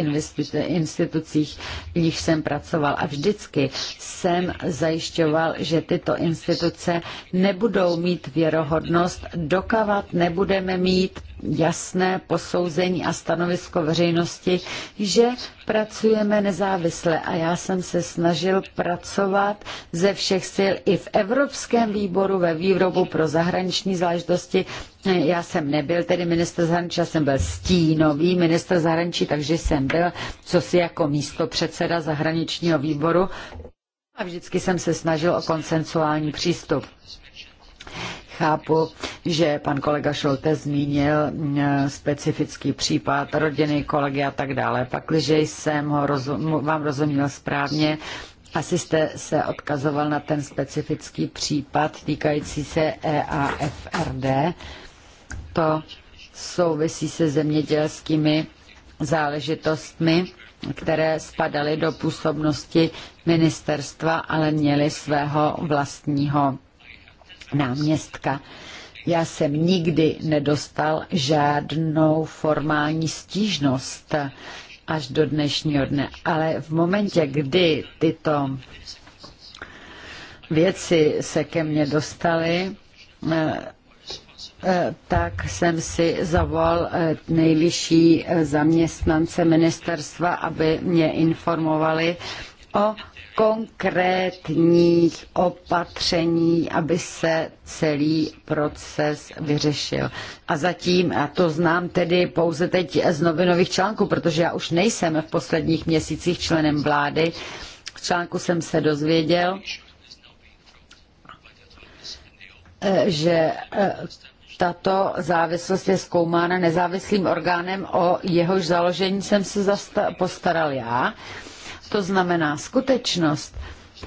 institucích, v nich jsem pracoval a vždycky jsem zajišťoval, že tyto instituce nebudou mít věrohodnost, dokavat nebudeme mít jasné posouzení a stanovisko veřejnosti, že pracujeme nezávisle a já jsem se snažil pracovat ze všech sil i v Evropském výboru ve výrobu pro zahraniční záležitosti já jsem nebyl tedy minister zahraničí, já jsem byl stínový minister zahraničí, takže jsem byl, co si jako místo předseda zahraničního výboru a vždycky jsem se snažil o konsensuální přístup. Chápu, že pan kolega Šolte zmínil mm, specifický případ rodiny, kolegy a tak dále. Pak, když jsem ho rozum, vám rozuměl správně, asi jste se odkazoval na ten specifický případ týkající se EAFRD to souvisí se zemědělskými záležitostmi, které spadaly do působnosti ministerstva, ale měly svého vlastního náměstka. Já jsem nikdy nedostal žádnou formální stížnost až do dnešního dne, ale v momentě, kdy tyto věci se ke mně dostaly, eh, Eh, tak jsem si zavolal eh, nejvyšší eh, zaměstnance ministerstva, aby mě informovali o konkrétních opatření, aby se celý proces vyřešil. A zatím, a to znám tedy pouze teď z novinových článků, protože já už nejsem v posledních měsících členem vlády, v článku jsem se dozvěděl, že tato závislost je zkoumána nezávislým orgánem, o jehož založení jsem se postaral já. To znamená skutečnost,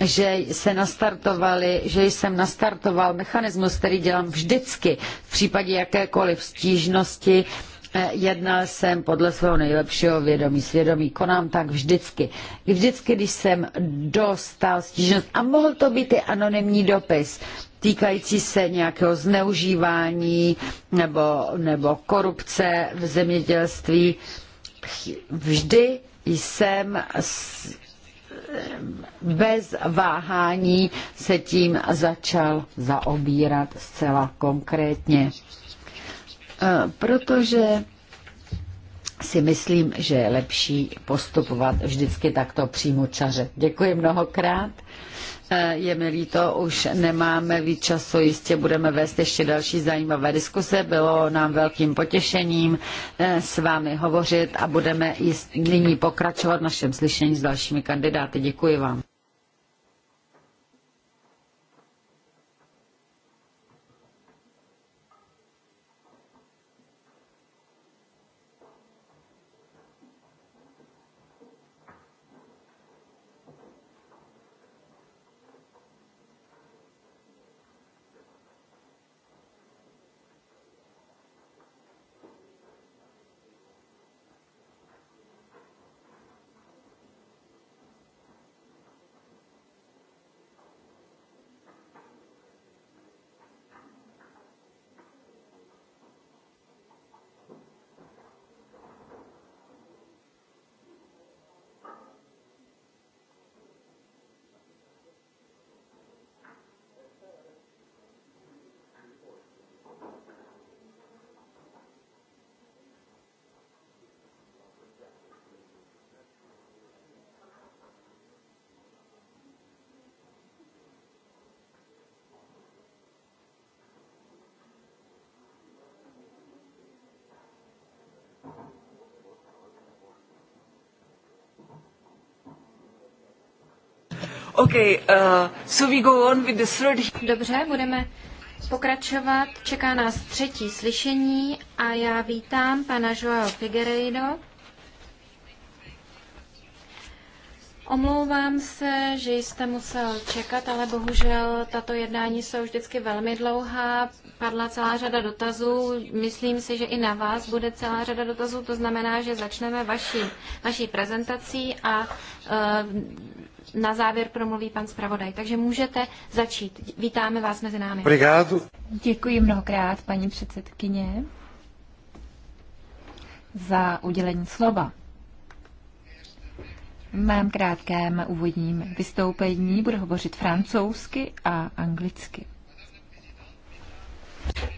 že se nastartovali, že jsem nastartoval mechanismus, který dělám vždycky v případě jakékoliv stížnosti, eh, Jednal jsem podle svého nejlepšího vědomí, svědomí, konám tak vždycky. Vždycky, když jsem dostal stížnost, a mohl to být i anonymní dopis, týkající se nějakého zneužívání nebo, nebo korupce v zemědělství. Vždy jsem bez váhání se tím začal zaobírat zcela konkrétně. E, protože si myslím, že je lepší postupovat vždycky takto přímo čaře. Děkuji mnohokrát. Eh, je mi líto, už nemáme víc času, jistě budeme vést ještě další zajímavé diskuse. Bylo nám velkým potěšením eh, s vámi hovořit a budeme nyní pokračovat v našem slyšení s dalšími kandidáty. Děkuji vám. Okay, uh, so we go on with the third... Dobře, budeme pokračovat. Čeká nás třetí slyšení a já vítám pana Joao Figueiredo. Omlouvám se, že jste musel čekat, ale bohužel tato jednání jsou vždycky velmi dlouhá. Padla celá řada dotazů. Myslím si, že i na vás bude celá řada dotazů. To znamená, že začneme vaší vaší prezentací a uh, na závěr promluví pan zpravodaj. Takže můžete začít. Vítáme vás mezi námi. Obrigado. Děkuji mnohokrát, paní předsedkyně, za udělení slova. V mém krátkém úvodním vystoupení budu hovořit francouzsky a anglicky.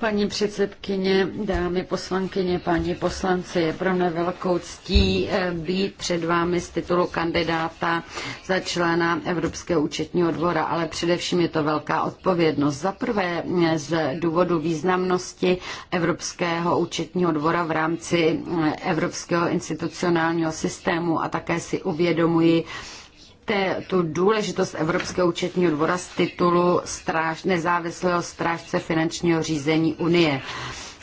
Paní předsedkyně, dámy poslankyně, páni poslanci, je pro mne velkou ctí eh, být před vámi z titulu kandidáta za člena Evropského účetního dvora, ale především je to velká odpovědnost. Za prvé eh, z důvodu významnosti Evropského účetního dvora v rámci eh, Evropského institucionálního systému a také si uvědomuji, vidíte tu důležitost Evropského účetního dvora z titulu stráž, nezávislého strážce finančního řízení Unie.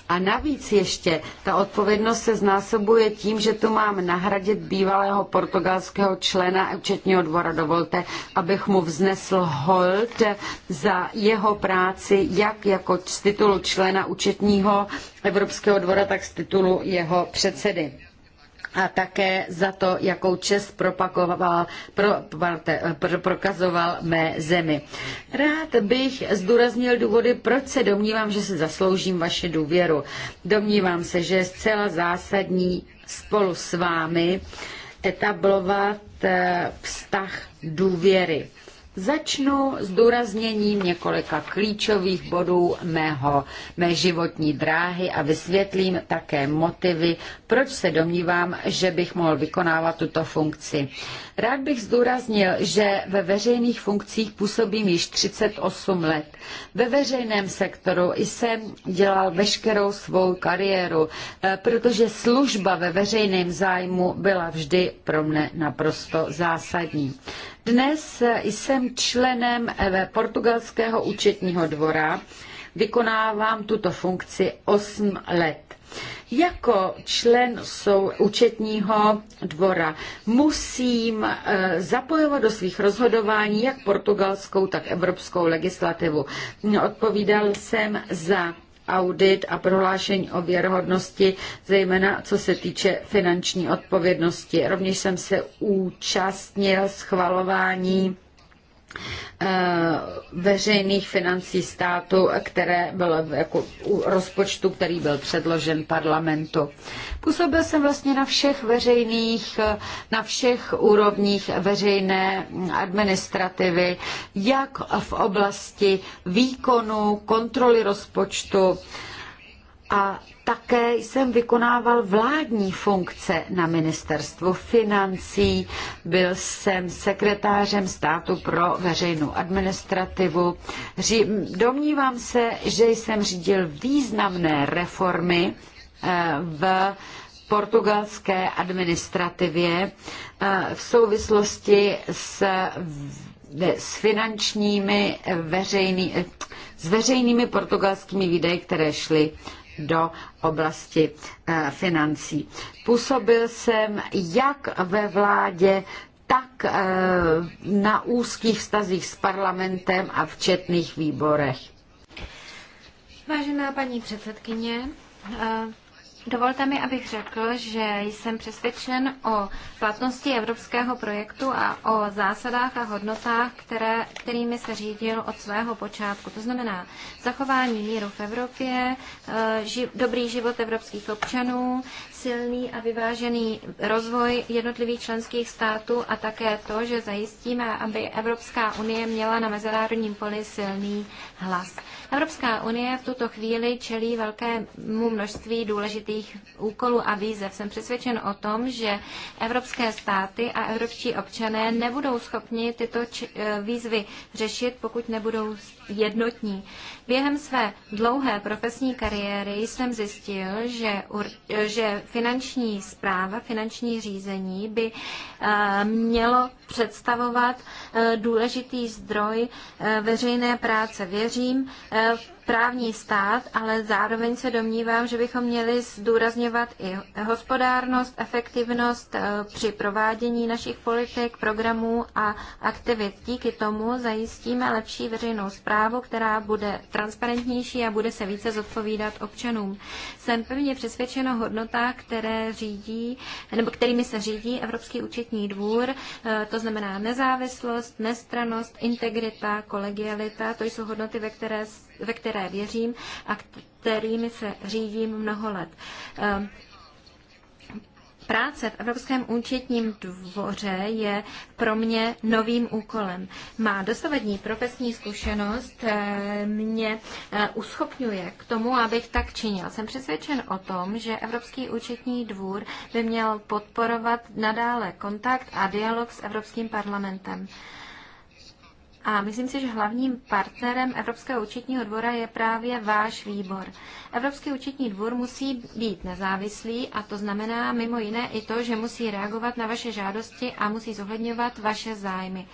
A navíc ještě ta odpovědnost se znásobuje tím, že tu mám nahradit bývalého portugalského člena účetního dvora. Dovolte, abych mu vznesl hold za jeho práci, jak jako z titulu člena účetního Evropského dvora, tak z titulu jeho předsedy a také za to, jakou čest propagoval, pro, eh, pro, prokazoval mé zemi. Rád bych zdůraznil důvody, proč se domnívám, že se zasloužím vaši důvěru. Domnívám se, že je zcela zásadní spolu s vámi etablovat eh, vztah důvěry Začnu s důrazněním několika klíčových bodů mého, mé životní dráhy a vysvětlím také motivy, proč se domnívám, že bych mohl vykonávat tuto funkci. Rád bych zdůraznil, že ve veřejných funkcích působím již 38 let. Ve veřejném sektoru jsem dělal veškerou svou kariéru, eh, protože služba ve veřejném zájmu byla vždy pro mne naprosto zásadní. Dnes jsem členem eh, portugalského účetního dvora, vykonávám tuto funkci 8 let. Jako člen sou účetního dvora musím eh, zapojovat do svých rozhodování jak portugalskou, tak evropskou legislativu. Odpovídal jsem za audit a prohlášení o věrohodnosti, zejména co se týče finanční odpovědnosti. Rovněž jsem se účastnil schvalování Eh, veřejných financí státu, které bylo jako rozpočtu, který byl předložen parlamentu. Působil jsem vlastně na všech veřejných, eh, na všech úrovních veřejné administrativy, jak v oblasti výkonu, kontroly rozpočtu, a také jsem vykonával vládní funkce na ministerstvu financí, byl jsem sekretářem státu pro veřejnou administrativu. Domnívám se, že jsem řídil významné reformy eh, v portugalské administrativě eh, v souvislosti s, s finančními veřejný, s veřejnými portugalskými výdaji, které šly do oblasti eh, financí. Působil jsem jak ve vládě, tak eh, na úzkých vztazích s parlamentem a v četných výborech. Vážená paní předsedkyně, eh, Dovolte mi, abych řekl, že jsem přesvědčen o platnosti evropského projektu a o zásadách a hodnotách, které, kterými se řídil od svého počátku. To znamená zachování míru v Evropě, eh, ži, dobrý život evropských občanů, silný a vyvážený rozvoj jednotlivých členských států a také to, že zajistíme, aby Evropská unie měla na mezinárodním poli silný hlas. Evropská unie v tuto chvíli čelí velkému množství důležitých úkolů a výzev. Jsem přesvědčen o tom, že evropské státy a evropští občané nebudou schopni tyto eh, výzvy řešit, pokud nebudou jednotní. Během své dlouhé profesní kariéry jsem zjistil, že, že finanční zpráva, finanční řízení by eh, mělo představovat eh, důležitý zdroj eh, veřejné práce. Věřím v právní stát, ale zároveň se domnívám, že bychom měli zdůrazňovat i hospodárnost, efektivnost eh, při provádění našich politik, programů a aktivit. Díky tomu zajistíme lepší veřejnou zprávu, která bude transparentnější a bude se více zodpovídat občanům. Jsem pevně přesvědčena hodnota, které řídí, nebo kterými se řídí Evropský účetní dvůr, eh, to znamená nezávislost, nestranost, integrita, kolegialita. To jsou hodnoty, ve které ve které věřím a kterými se řídím mnoho let. Ehm, práce v Evropském účetním dvoře je pro mě novým úkolem. Má dosavadní profesní zkušenost eh, mě eh, uschopňuje k tomu, abych tak činil. Jsem přesvědčen o tom, že Evropský účetní dvůr by měl podporovat nadále kontakt a dialog s Evropským parlamentem. A myslím si, že hlavním partnerem Evropského účetního dvora je právě váš výbor. Evropský účetní dvůr musí být nezávislý a to znamená mimo jiné i to, že musí reagovat na vaše žádosti a musí zohledňovat vaše zájmy.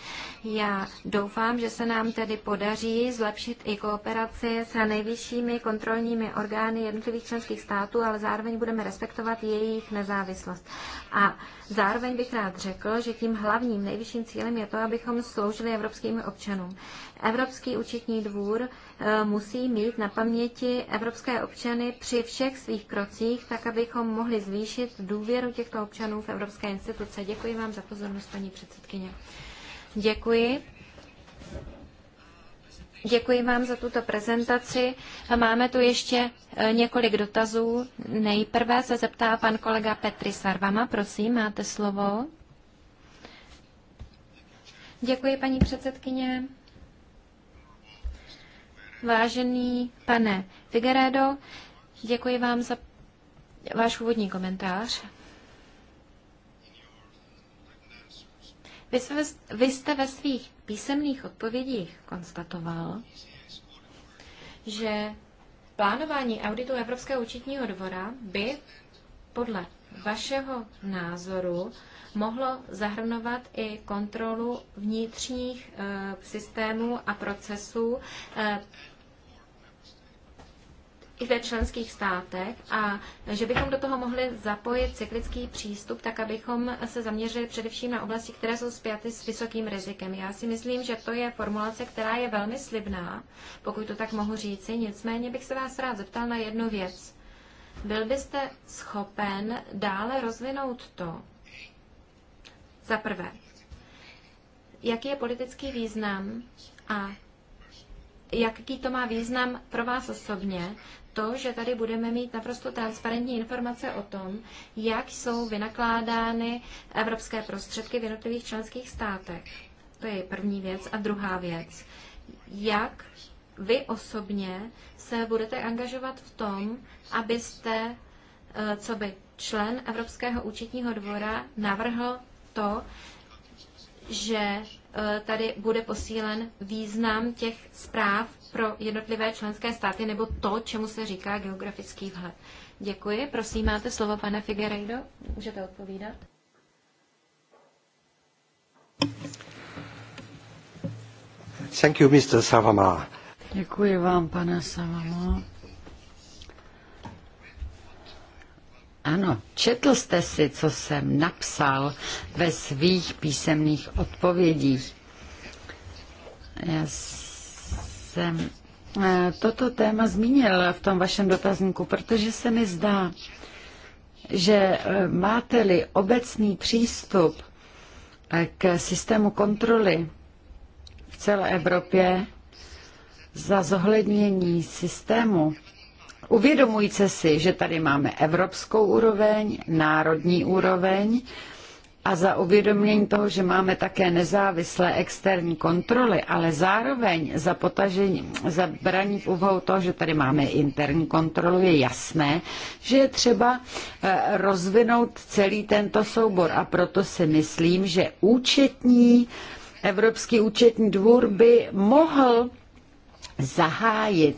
Já doufám, že se nám tedy podaří zlepšit i kooperaci s nejvyššími kontrolními orgány jednotlivých členských států, ale zároveň budeme respektovat jejich nezávislost. A zároveň bych rád řekl, že tím hlavním nejvyšším cílem je to, abychom sloužili evropským občanům občanům. Evropský účetní dvůr eh, musí mít na paměti evropské občany při všech svých krocích, tak abychom mohli zvýšit důvěru těchto občanů v evropské instituce. Děkuji vám za pozornost, paní předsedkyně. Děkuji. Děkuji vám za tuto prezentaci. Máme tu ještě eh, několik dotazů. Nejprve se zeptá pan kolega Petri Sarvama. Prosím, máte slovo. Děkuji, paní předsedkyně. Vážený pane Figueredo, děkuji vám za váš úvodní komentář. Vy, jste, ve svých písemných odpovědích konstatoval, že plánování auditu Evropského účetního dvora by podle vašeho názoru mohlo zahrnovat i kontrolu vnitřních eh, systémů a procesů eh, i ve členských státech a že bychom do toho mohli zapojit cyklický přístup, tak abychom se zaměřili především na oblasti, které jsou spjaty s vysokým rizikem. Já si myslím, že to je formulace, která je velmi slibná, pokud to tak mohu říci. Nicméně bych se vás rád zeptal na jednu věc. Byl byste schopen dále rozvinout to, za prvé, jaký je politický význam a jaký to má význam pro vás osobně, to, že tady budeme mít naprosto transparentní informace o tom, jak jsou vynakládány evropské prostředky v jednotlivých členských státech. To je první věc. A druhá věc, jak vy osobně se budete angažovat v tom, abyste, eh, co by člen Evropského účetního dvora navrhl to, že e, tady bude posílen význam těch zpráv pro jednotlivé členské státy nebo to, čemu se říká geografický vhled. Děkuji. Prosím, máte slovo, pane Figueiredo. Můžete odpovídat. Thank you, Mr. Savama. Děkuji vám, pane Savama. Ano, četl jste si, co jsem napsal ve svých písemných odpovědích. Já jsem eh, toto téma zmínil v tom vašem dotazníku, protože se mi zdá, že eh, máte-li obecný přístup eh, k systému kontroly v celé Evropě za zohlednění systému uvědomujte si, že tady máme evropskou úroveň, národní úroveň a za uvědomění toho, že máme také nezávislé externí kontroly, ale zároveň za, potažení, za braní v úvahu toho, že tady máme interní kontrolu, je jasné, že je třeba eh, rozvinout celý tento soubor a proto si myslím, že účetní, Evropský účetní dvůr by mohl zahájit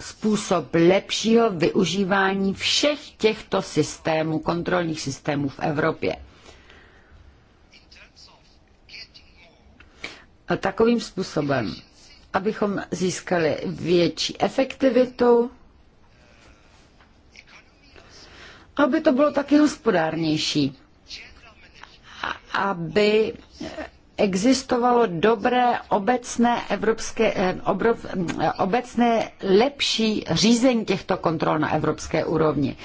způsob lepšího využívání všech těchto systémů, kontrolních systémů v Evropě. A takovým způsobem, abychom získali větší efektivitu, aby to bylo taky hospodárnější, aby existovalo dobré obecné, evropské, eh, obrov, eh, obecné lepší řízení těchto kontrol na evropské úrovni.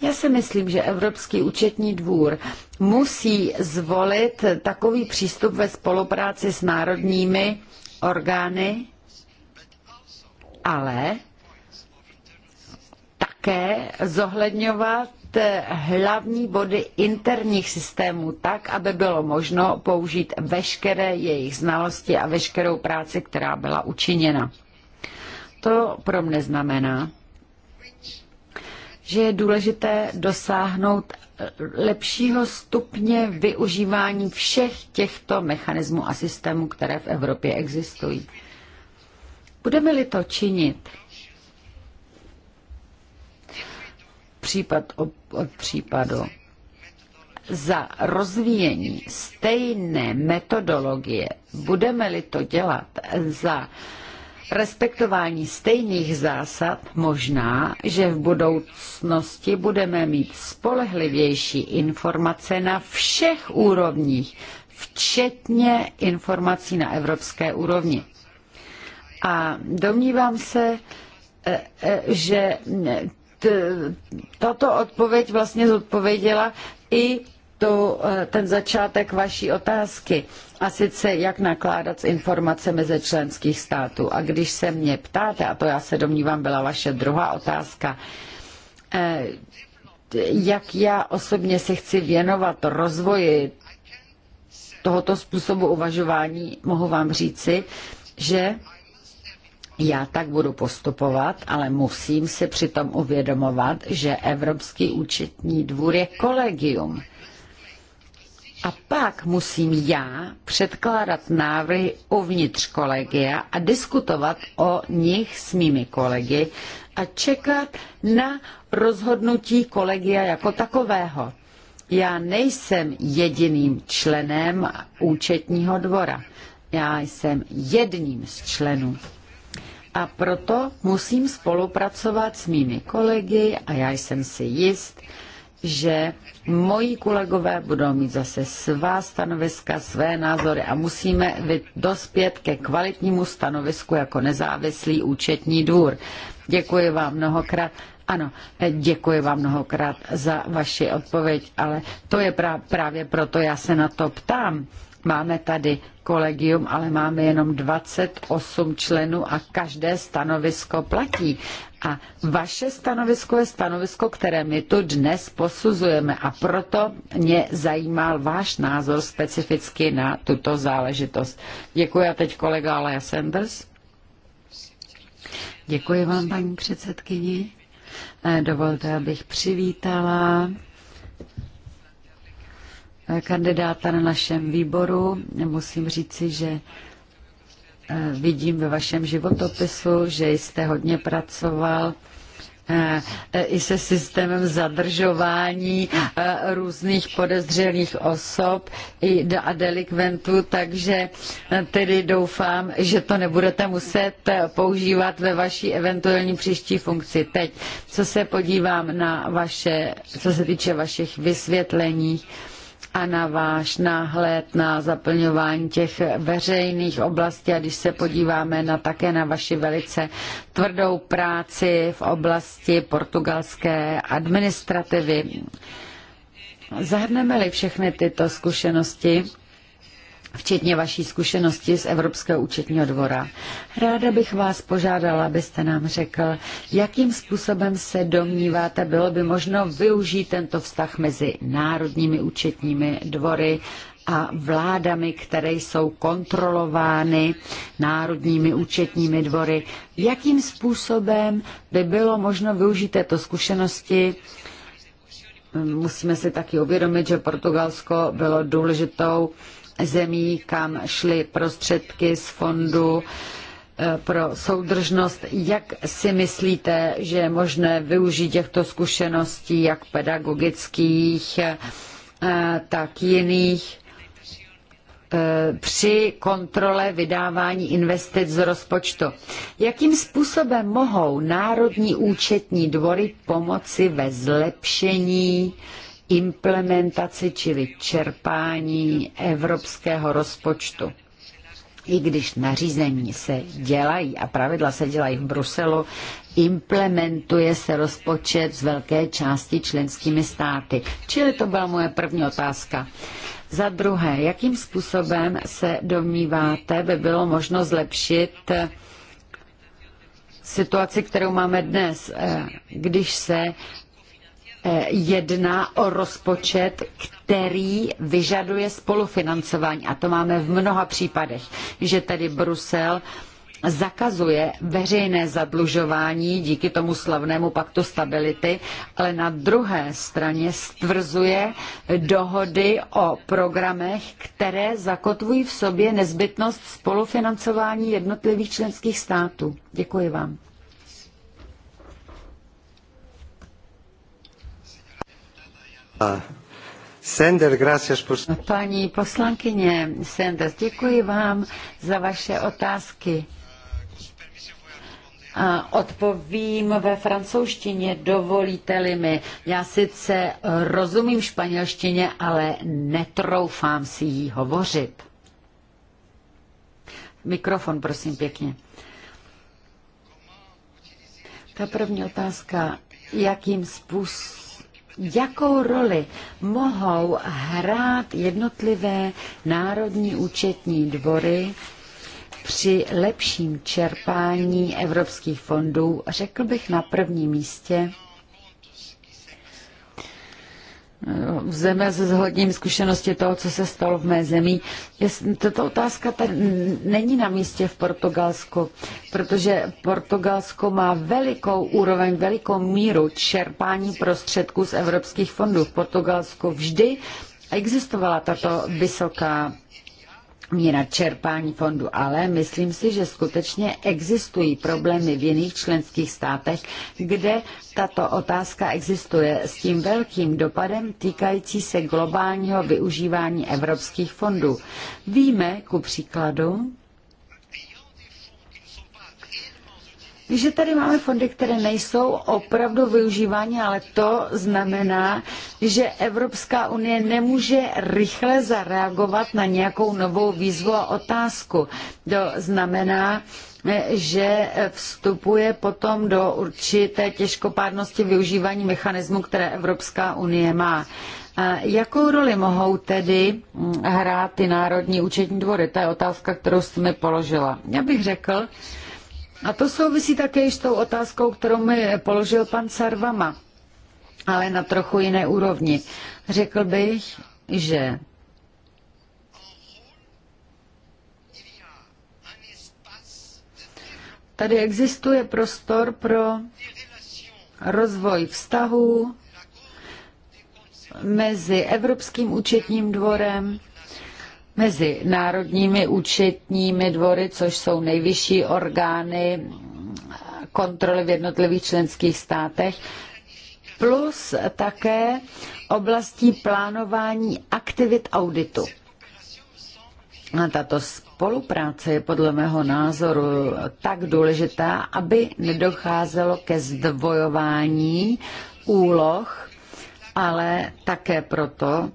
Já si myslím, že Evropský účetní dvůr musí zvolit takový přístup ve spolupráci s národními orgány, ale také zohledňovat hlavní body interních systémů tak, aby bylo možno použít veškeré jejich znalosti a veškerou práci, která byla učiněna. To pro mne znamená, že je důležité dosáhnout lepšího stupně využívání všech těchto mechanismů a systémů, které v Evropě existují. Budeme-li to činit, případ od případu za rozvíjení stejné metodologie, budeme-li to dělat za respektování stejných zásad, možná, že v budoucnosti budeme mít spolehlivější informace na všech úrovních, včetně informací na evropské úrovni. A domnívám se, e, e, že tato odpověď vlastně zodpověděla i tu, eh, ten začátek vaší otázky, a sice jak nakládat s informacemi ze členských států. A když se mě ptáte, a to já se domnívám byla vaše druhá otázka, eh, jak já osobně se chci věnovat rozvoji tohoto způsobu uvažování, mohu vám říci, že já tak budu postupovat, ale musím si přitom uvědomovat, že Evropský účetní dvůr je kolegium. A pak musím já předkládat návrhy uvnitř kolegia a diskutovat o nich s mými kolegy a čekat na rozhodnutí kolegia jako takového. Já nejsem jediným členem účetního dvora. Já jsem jedním z členů a proto musím spolupracovat s mými kolegy a já jsem si jist, že moji kolegové budou mít zase svá stanoviska, své názory a musíme dospět ke kvalitnímu stanovisku jako nezávislý účetní dvůr. Děkuji vám mnohokrát. Ano, eh, děkuji vám mnohokrát za vaši odpověď, ale to je právě proto, já se na to ptám Máme tady kolegium, ale máme jenom 28 členů a každé stanovisko platí. A vaše stanovisko je stanovisko, které my tu dnes posuzujeme a proto mě zajímal váš názor specificky na tuto záležitost. Děkuji a teď kolega Alea Sanders. Děkuji vám, paní předsedkyni. Eh, dovolte, abych přivítala Eh, kandidáta na našem výboru. Musím říci, že eh, vidím ve vašem životopisu, že jste hodně pracoval eh, i se systémem zadržování různých podezřelých osob i a delikventů, takže tedy doufám, že to nebudete muset používat ve vaší eventuální příští funkci. Teď, co se podívám na vaše, co se týče vašich vysvětlení, a na váš náhled na zaplňování těch veřejných oblastí a když se podíváme na také na vaši velice tvrdou práci v oblasti portugalské administrativy. Zahrneme-li všechny tyto zkušenosti, včetně vaší zkušenosti z Evropského účetního dvora. Ráda bych vás požádala, abyste nám řekl, jakým způsobem se domníváte, bylo by možno využít tento vztah mezi národními účetními dvory a vládami, které jsou kontrolovány národními účetními dvory. Jakým způsobem by bylo možno využít této zkušenosti musíme si taky uvědomit, že Portugalsko bylo důležitou zemí, kam šly prostředky z fondu eh, pro soudržnost. Jak si myslíte, že je možné využít těchto zkušeností, jak pedagogických, eh, tak jiných, eh, při kontrole vydávání investic z rozpočtu. Jakým způsobem mohou národní účetní dvory pomoci ve zlepšení implementaci, čili čerpání evropského rozpočtu. I když nařízení se dělají a pravidla se dělají v Bruselu, implementuje se rozpočet z velké části členskými státy. Čili to byla moje první otázka. Za druhé, jakým způsobem se domníváte, by bylo možno zlepšit eh, situaci, kterou máme dnes, eh, když se jedná o rozpočet, který vyžaduje spolufinancování. A to máme v mnoha případech, že tedy Brusel zakazuje veřejné zadlužování díky tomu slavnému paktu stability, ale na druhé straně stvrzuje dohody o programech, které zakotvují v sobě nezbytnost spolufinancování jednotlivých členských států. Děkuji vám. Paní poslankyně Senders, děkuji vám za vaše otázky. A odpovím ve francouzštině, dovolíte-li mi. Já sice rozumím španělštině, ale netroufám si jí hovořit. Mikrofon, prosím, pěkně. Ta první otázka, jakým způsobem jakou roli mohou hrát jednotlivé národní účetní dvory při lepším čerpání evropských fondů, řekl bych na prvním místě, v zemi s hodním zkušenosti toho, co se stalo v mé zemi. Tato otázka tady není na místě v Portugalsku, protože Portugalsko má velikou úroveň, velikou míru čerpání prostředků z evropských fondů. V Portugalsku vždy existovala tato vysoká míra čerpání fondu, ale myslím si, že skutečně existují problémy v jiných členských státech, kde tato otázka existuje s tím velkým dopadem týkající se globálního využívání evropských fondů. Víme ku příkladu, že tady máme fondy, které nejsou opravdu využívány, ale to znamená, že Evropská unie nemůže rychle zareagovat na nějakou novou výzvu a otázku. To znamená, že vstupuje potom do určité těžkopádnosti využívání mechanismu, které Evropská unie má. A jakou roli mohou tedy hrát ty národní účetní dvory? To je otázka, kterou jste mi položila. Já bych řekl, a to souvisí také s tou otázkou, kterou mi položil pan Sarvama, ale na trochu jiné úrovni. Řekl bych, že tady existuje prostor pro rozvoj vztahů mezi Evropským účetním dvorem mezi národními účetními dvory, což jsou nejvyšší orgány kontroly v jednotlivých členských státech, plus také oblastí plánování aktivit auditu. A tato spolupráce je podle mého názoru tak důležitá, aby nedocházelo ke zdvojování úloh, ale také proto,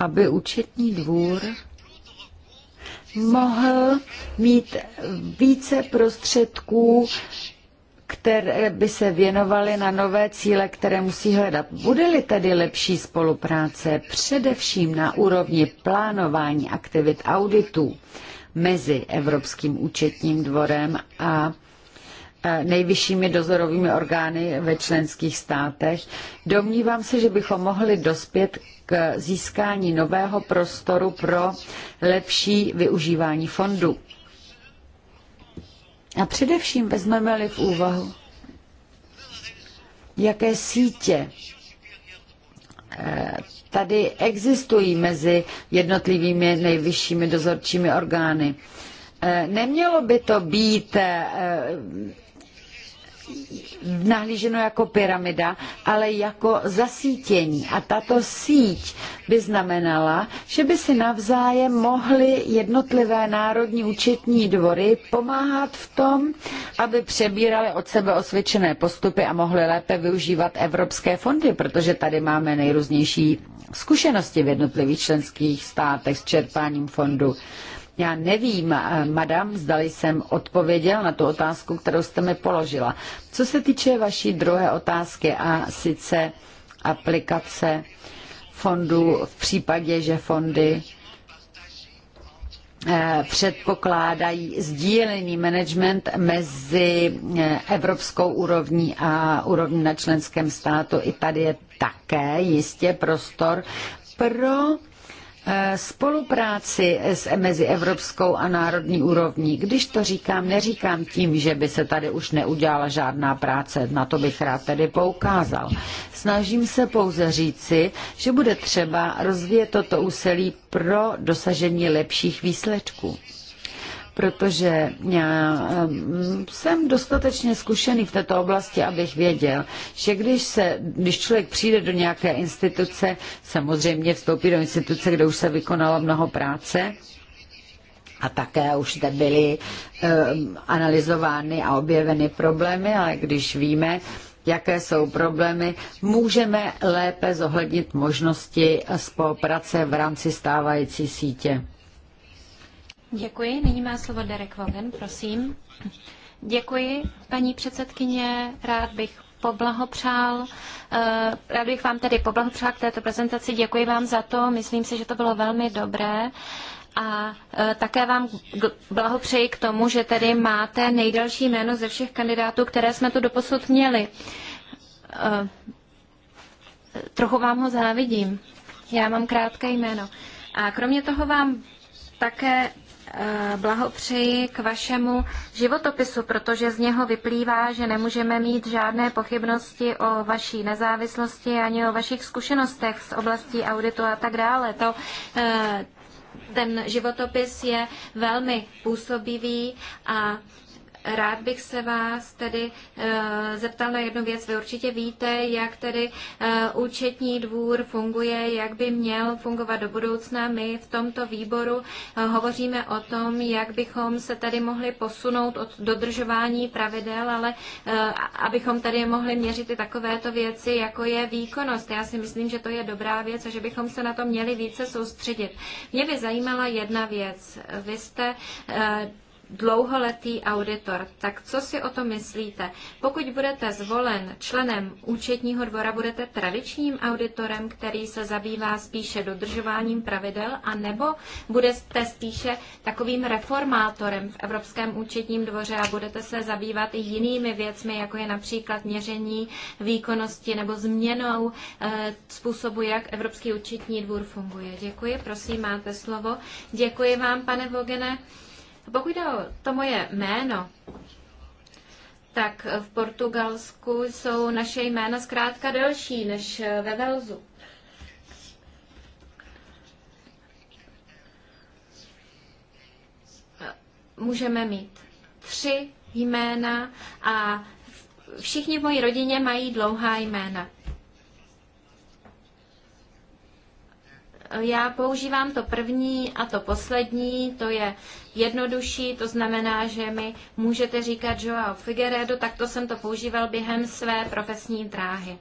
aby účetní dvůr mohl mít více prostředků, které by se věnovaly na nové cíle, které musí hledat. Bude-li tedy lepší spolupráce především na úrovni plánování aktivit auditů mezi Evropským účetním dvorem a Eh, nejvyššími dozorovými orgány ve členských státech. Domnívám se, že bychom mohli dospět k získání nového prostoru pro lepší využívání fondů. A především vezmeme-li v úvahu, jaké sítě eh, tady existují mezi jednotlivými nejvyššími dozorčími orgány. Eh, nemělo by to být nahlíženo jako pyramida, ale jako zasítění. A tato síť by znamenala, že by si navzájem mohly jednotlivé národní účetní dvory pomáhat v tom, aby přebírali od sebe osvědčené postupy a mohly lépe využívat evropské fondy, protože tady máme nejrůznější zkušenosti v jednotlivých členských státech s čerpáním fondu. Já nevím, eh, madam, zdali jsem odpověděl na tu otázku, kterou jste mi položila. Co se týče vaší druhé otázky a sice aplikace fondů v případě, že fondy eh, předpokládají sdílený management mezi eh, evropskou úrovní a úrovní na členském státu. I tady je také jistě prostor pro Eh, spolupráci mezi evropskou a národní úrovní. Když to říkám, neříkám tím, že by se tady už neudělala žádná práce, na to bych rád tedy poukázal. Snažím se pouze říci, že bude třeba rozvíjet toto úsilí pro dosažení lepších výsledků protože já jsem dostatečně zkušený v této oblasti, abych věděl, že když, se, když člověk přijde do nějaké instituce, samozřejmě vstoupí do instituce, kde už se vykonalo mnoho práce, a také už zde byly um, analyzovány a objeveny problémy, ale když víme, jaké jsou problémy, můžeme lépe zohlednit možnosti spolupráce v rámci stávající sítě. Děkuji. Nyní má slovo Derek Vaughan, prosím. Děkuji, paní předsedkyně. Rád bych poblahopřál. Eh, rád bych vám tedy poblahopřál k této prezentaci. Děkuji vám za to. Myslím si, že to bylo velmi dobré. A eh, také vám blahopřeji k tomu, že tedy máte nejdelší jméno ze všech kandidátů, které jsme tu doposud měli. Eh, trochu vám ho závidím. Já mám krátké jméno. A kromě toho vám také blahopřeji k vašemu životopisu, protože z něho vyplývá, že nemůžeme mít žádné pochybnosti o vaší nezávislosti ani o vašich zkušenostech z oblastí auditu a tak dále. To, eh, ten životopis je velmi působivý a Rád bych se vás tedy eh, zeptal na jednu věc. Vy určitě víte, jak tedy eh, účetní dvůr funguje, jak by měl fungovat do budoucna. My v tomto výboru eh, hovoříme o tom, jak bychom se tady mohli posunout od dodržování pravidel, ale abychom tady mohli měřit i takovéto věci, jako je výkonnost. Já si myslím, že to je dobrá věc a že bychom se na to měli více soustředit. Mě by zajímala jedna věc. Vy jste dlouholetý auditor. Tak co si o to myslíte? Pokud budete zvolen členem účetního dvora, budete tradičním auditorem, který se zabývá spíše dodržováním pravidel, a nebo budete spíše takovým reformátorem v Evropském účetním dvoře a budete se zabývat i jinými věcmi, jako je například měření výkonnosti nebo změnou e, způsobu, jak Evropský účetní dvůr funguje. Děkuji, prosím, máte slovo. Děkuji vám, pane Vogene. A Pokud jde o to moje jméno, tak v Portugalsku jsou naše jména zkrátka delší než ve Velzu. Můžeme mít tři jména a všichni v mojí rodině mají dlouhá jména. Já používám to první a to poslední, to je jednodušší, to znamená, že mi můžete říkat Joao Figueredo, tak to jsem to používal během své profesní dráhy.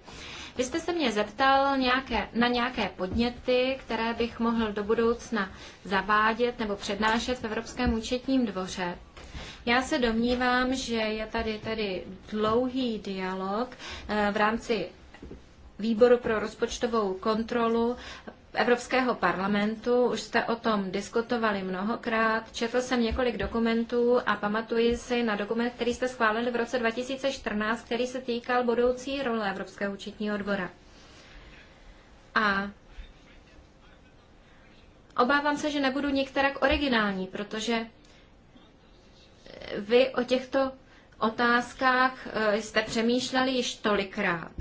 Vy jste se mě zeptal nějaké, na nějaké podněty, které bych mohl do budoucna zavádět nebo přednášet v Evropském účetním dvoře. Já se domnívám, že je tady tedy dlouhý dialog eh, v rámci výboru pro rozpočtovou kontrolu Evropského parlamentu. Už jste o tom diskutovali mnohokrát. Četl jsem několik dokumentů a pamatuji si na dokument, který jste schválili v roce 2014, který se týkal budoucí role Evropského účetního dvora. A obávám se, že nebudu některak originální, protože vy o těchto otázkách eh, jste přemýšleli již tolikrát.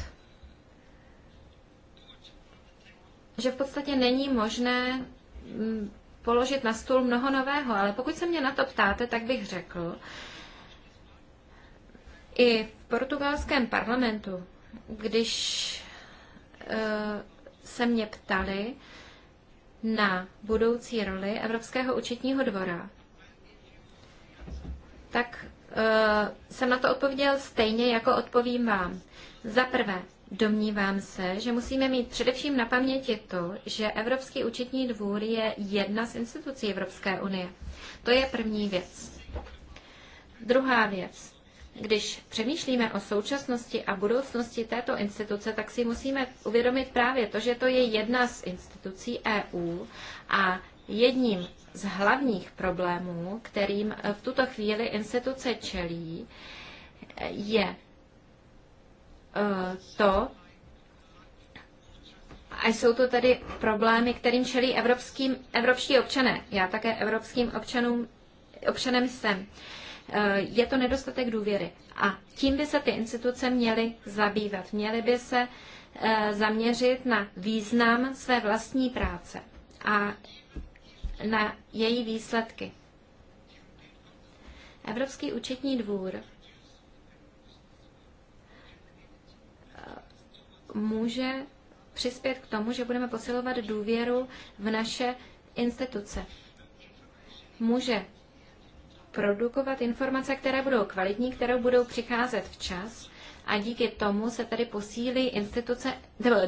že v podstatě není možné mm, položit na stůl mnoho nového, ale pokud se mě na to ptáte, tak bych řekl, i v portugalském parlamentu, když e, se mě ptali na budoucí roli Evropského účetního dvora, tak e, jsem na to odpověděl stejně, jako odpovím vám. Za prvé, Domnívám se, že musíme mít především na paměti to, že Evropský účetní dvůr je jedna z institucí Evropské unie. To je první věc. Druhá věc. Když přemýšlíme o současnosti a budoucnosti této instituce, tak si musíme uvědomit právě to, že to je jedna z institucí EU a jedním z hlavních problémů, kterým v tuto chvíli instituce čelí, je Eh, to, a jsou to tedy problémy, kterým čelí evropským, evropští občané. Já také evropským občanům, občanem jsem. Eh, je to nedostatek důvěry. A tím by se ty instituce měly zabývat. Měly by se eh, zaměřit na význam své vlastní práce a na její výsledky. Evropský účetní dvůr může přispět k tomu, že budeme posilovat důvěru v naše instituce. Může produkovat informace, které budou kvalitní, které budou přicházet včas a díky tomu se tedy posílí instituce,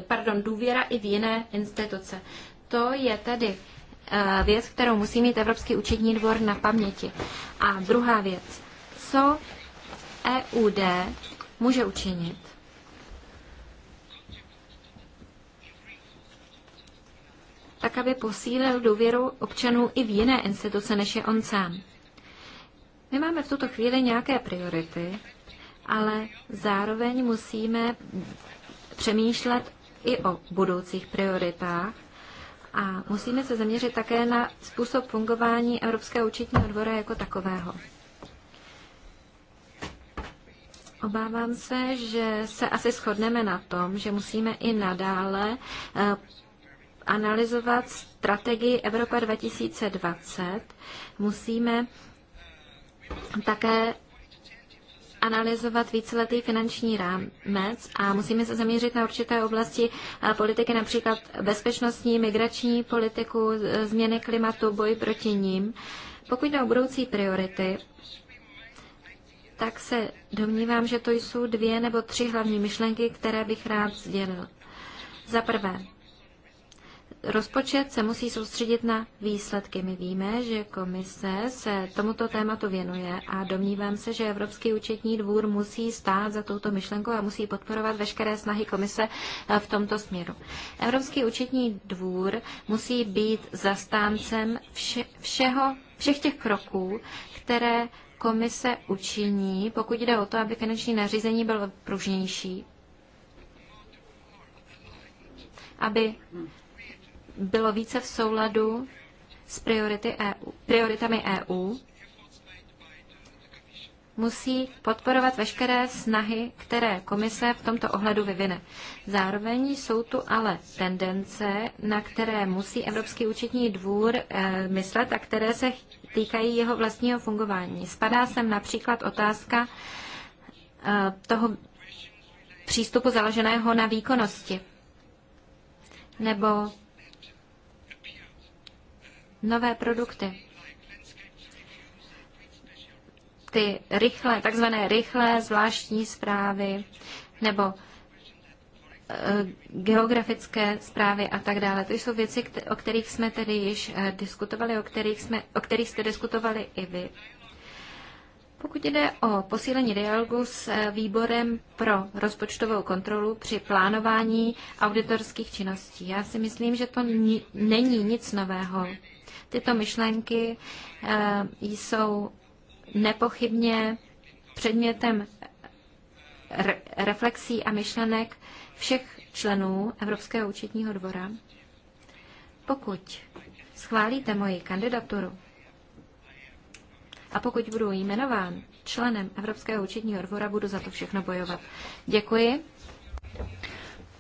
pardon, důvěra i v jiné instituce. To je tedy eh, věc, kterou musí mít Evropský účetní dvor na paměti. A druhá věc, co EUD může učinit, tak aby posílil důvěru občanů i v jiné instituce, než je on sám. My máme v tuto chvíli nějaké priority, ale zároveň musíme přemýšlet i o budoucích prioritách a musíme se zaměřit také na způsob fungování Evropského účetního dvora jako takového. Obávám se, že se asi shodneme na tom, že musíme i nadále eh, analyzovat strategii Evropa 2020, musíme také analyzovat víceletý finanční rámec a musíme se zaměřit na určité oblasti politiky, například bezpečnostní, migrační politiku, změny klimatu, boj proti ním. Pokud jde o budoucí priority, tak se domnívám, že to jsou dvě nebo tři hlavní myšlenky, které bych rád sdělil. Za prvé, rozpočet se musí soustředit na výsledky. My víme, že komise se tomuto tématu věnuje a domnívám se, že Evropský účetní dvůr musí stát za touto myšlenkou a musí podporovat veškeré snahy komise eh, v tomto směru. Evropský účetní dvůr musí být zastáncem vše, všeho, všech těch kroků, které komise učiní, pokud jde o to, aby finanční nařízení bylo pružnější, aby bylo více v souladu s priority EU, prioritami EU, musí podporovat veškeré snahy, které komise v tomto ohledu vyvine. Zároveň jsou tu ale tendence, na které musí Evropský účetní dvůr e, myslet a které se týkají jeho vlastního fungování. Spadá sem například otázka e, toho přístupu založeného na výkonnosti nebo nové produkty. Ty rychlé, takzvané rychlé zvláštní zprávy nebo eh, geografické zprávy a tak dále. To jsou věci, o kterých jsme tedy již eh, diskutovali, o kterých, jsme, o kterých jste diskutovali i vy. Pokud jde o posílení dialogu s eh, výborem pro rozpočtovou kontrolu při plánování auditorských činností, já si myslím, že to není nic nového. Tyto myšlenky eh, jsou nepochybně předmětem reflexí a myšlenek všech členů Evropského účetního dvora. Pokud schválíte moji kandidaturu a pokud budu jmenován členem Evropského účetního dvora, budu za to všechno bojovat. Děkuji.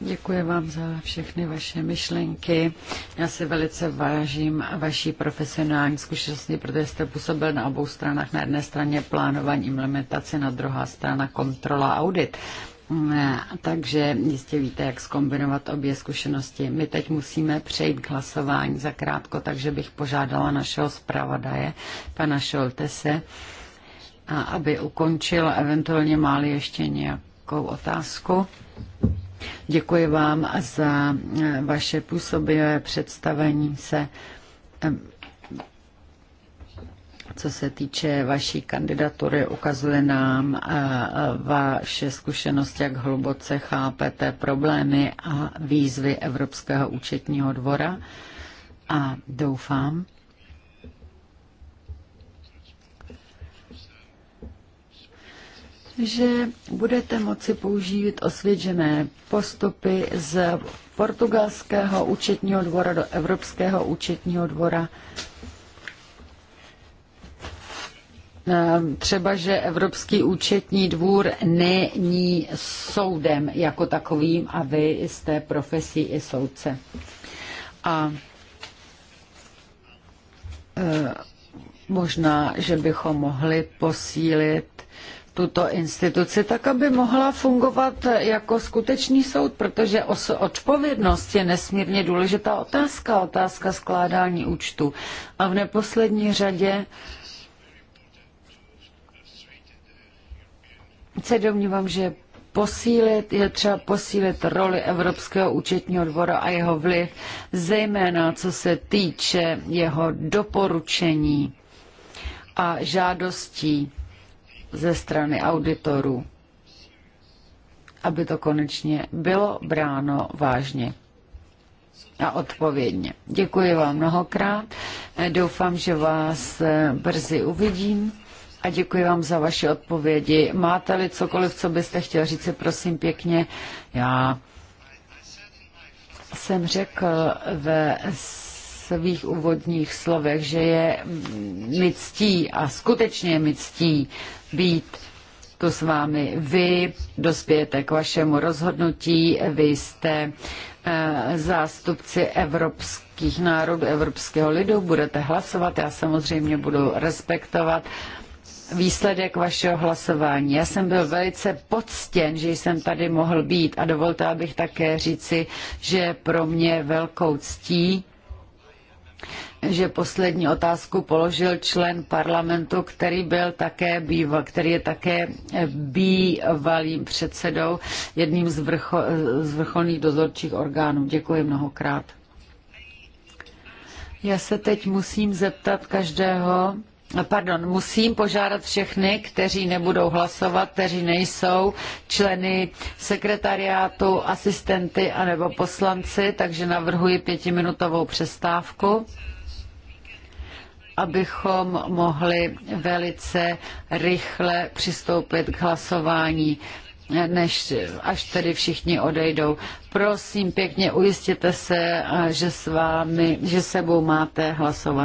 Děkuji vám za všechny vaše myšlenky. Já si velice vážím vaší profesionální zkušenosti, protože jste působil na obou stranách. Na jedné straně plánování implementace, na druhá strana kontrola audit. Mm, takže jistě víte, jak skombinovat obě zkušenosti. My teď musíme přejít k hlasování za krátko, takže bych požádala našeho zpravodaje, pana Šoltese, aby ukončil, eventuálně máli ještě nějakou otázku. Děkuji vám za eh, vaše působivé představení se eh, co se týče vaší kandidatury, ukazuje nám eh, vaše zkušenost, jak hluboce chápete problémy a výzvy Evropského účetního dvora. A doufám, že budete moci použít osvědčené postupy z portugalského účetního dvora do Evropského účetního dvora. Ehm, třeba, že Evropský účetní dvůr není soudem jako takovým a vy jste profesí i soudce. A ehm, možná, že bychom mohli posílit tuto instituci, tak aby mohla fungovat jako skutečný soud, protože odpovědnost je nesmírně důležitá otázka, otázka skládání účtu. A v neposlední řadě se domnívám, že posílit, je třeba posílit roli Evropského účetního dvora a jeho vliv, zejména co se týče jeho doporučení a žádostí ze strany auditorů, aby to konečně bylo bráno vážně a odpovědně. Děkuji vám mnohokrát. Eh, doufám, že vás eh, brzy uvidím. A děkuji vám za vaše odpovědi. Máte-li cokoliv, co byste chtěl říct, si prosím pěkně. Já jsem řekl ve svých úvodních slovech, že je mi ctí a skutečně mi ctí být tu s vámi. Vy dospějete k vašemu rozhodnutí, vy jste eh, zástupci evropských národů, evropského lidu, budete hlasovat, já samozřejmě budu respektovat výsledek vašeho hlasování. Já jsem byl velice poctěn, že jsem tady mohl být a dovolte, abych také říci, že pro mě velkou ctí že poslední otázku položil člen parlamentu, který byl také býval, který je také eh, bývalým předsedou jedním z, vrcho, eh, z vrcholných dozorčích orgánů. Děkuji mnohokrát. Já se teď musím zeptat každého, eh, Pardon, musím požádat všechny, kteří nebudou hlasovat, kteří nejsou členy sekretariátu, asistenty anebo poslanci, takže navrhuji pětiminutovou přestávku abychom mohli velice rychle přistoupit k hlasování než až tedy všichni odejdou. Prosím pěkně, ujistěte se, že s vámi, že sebou máte hlasovat.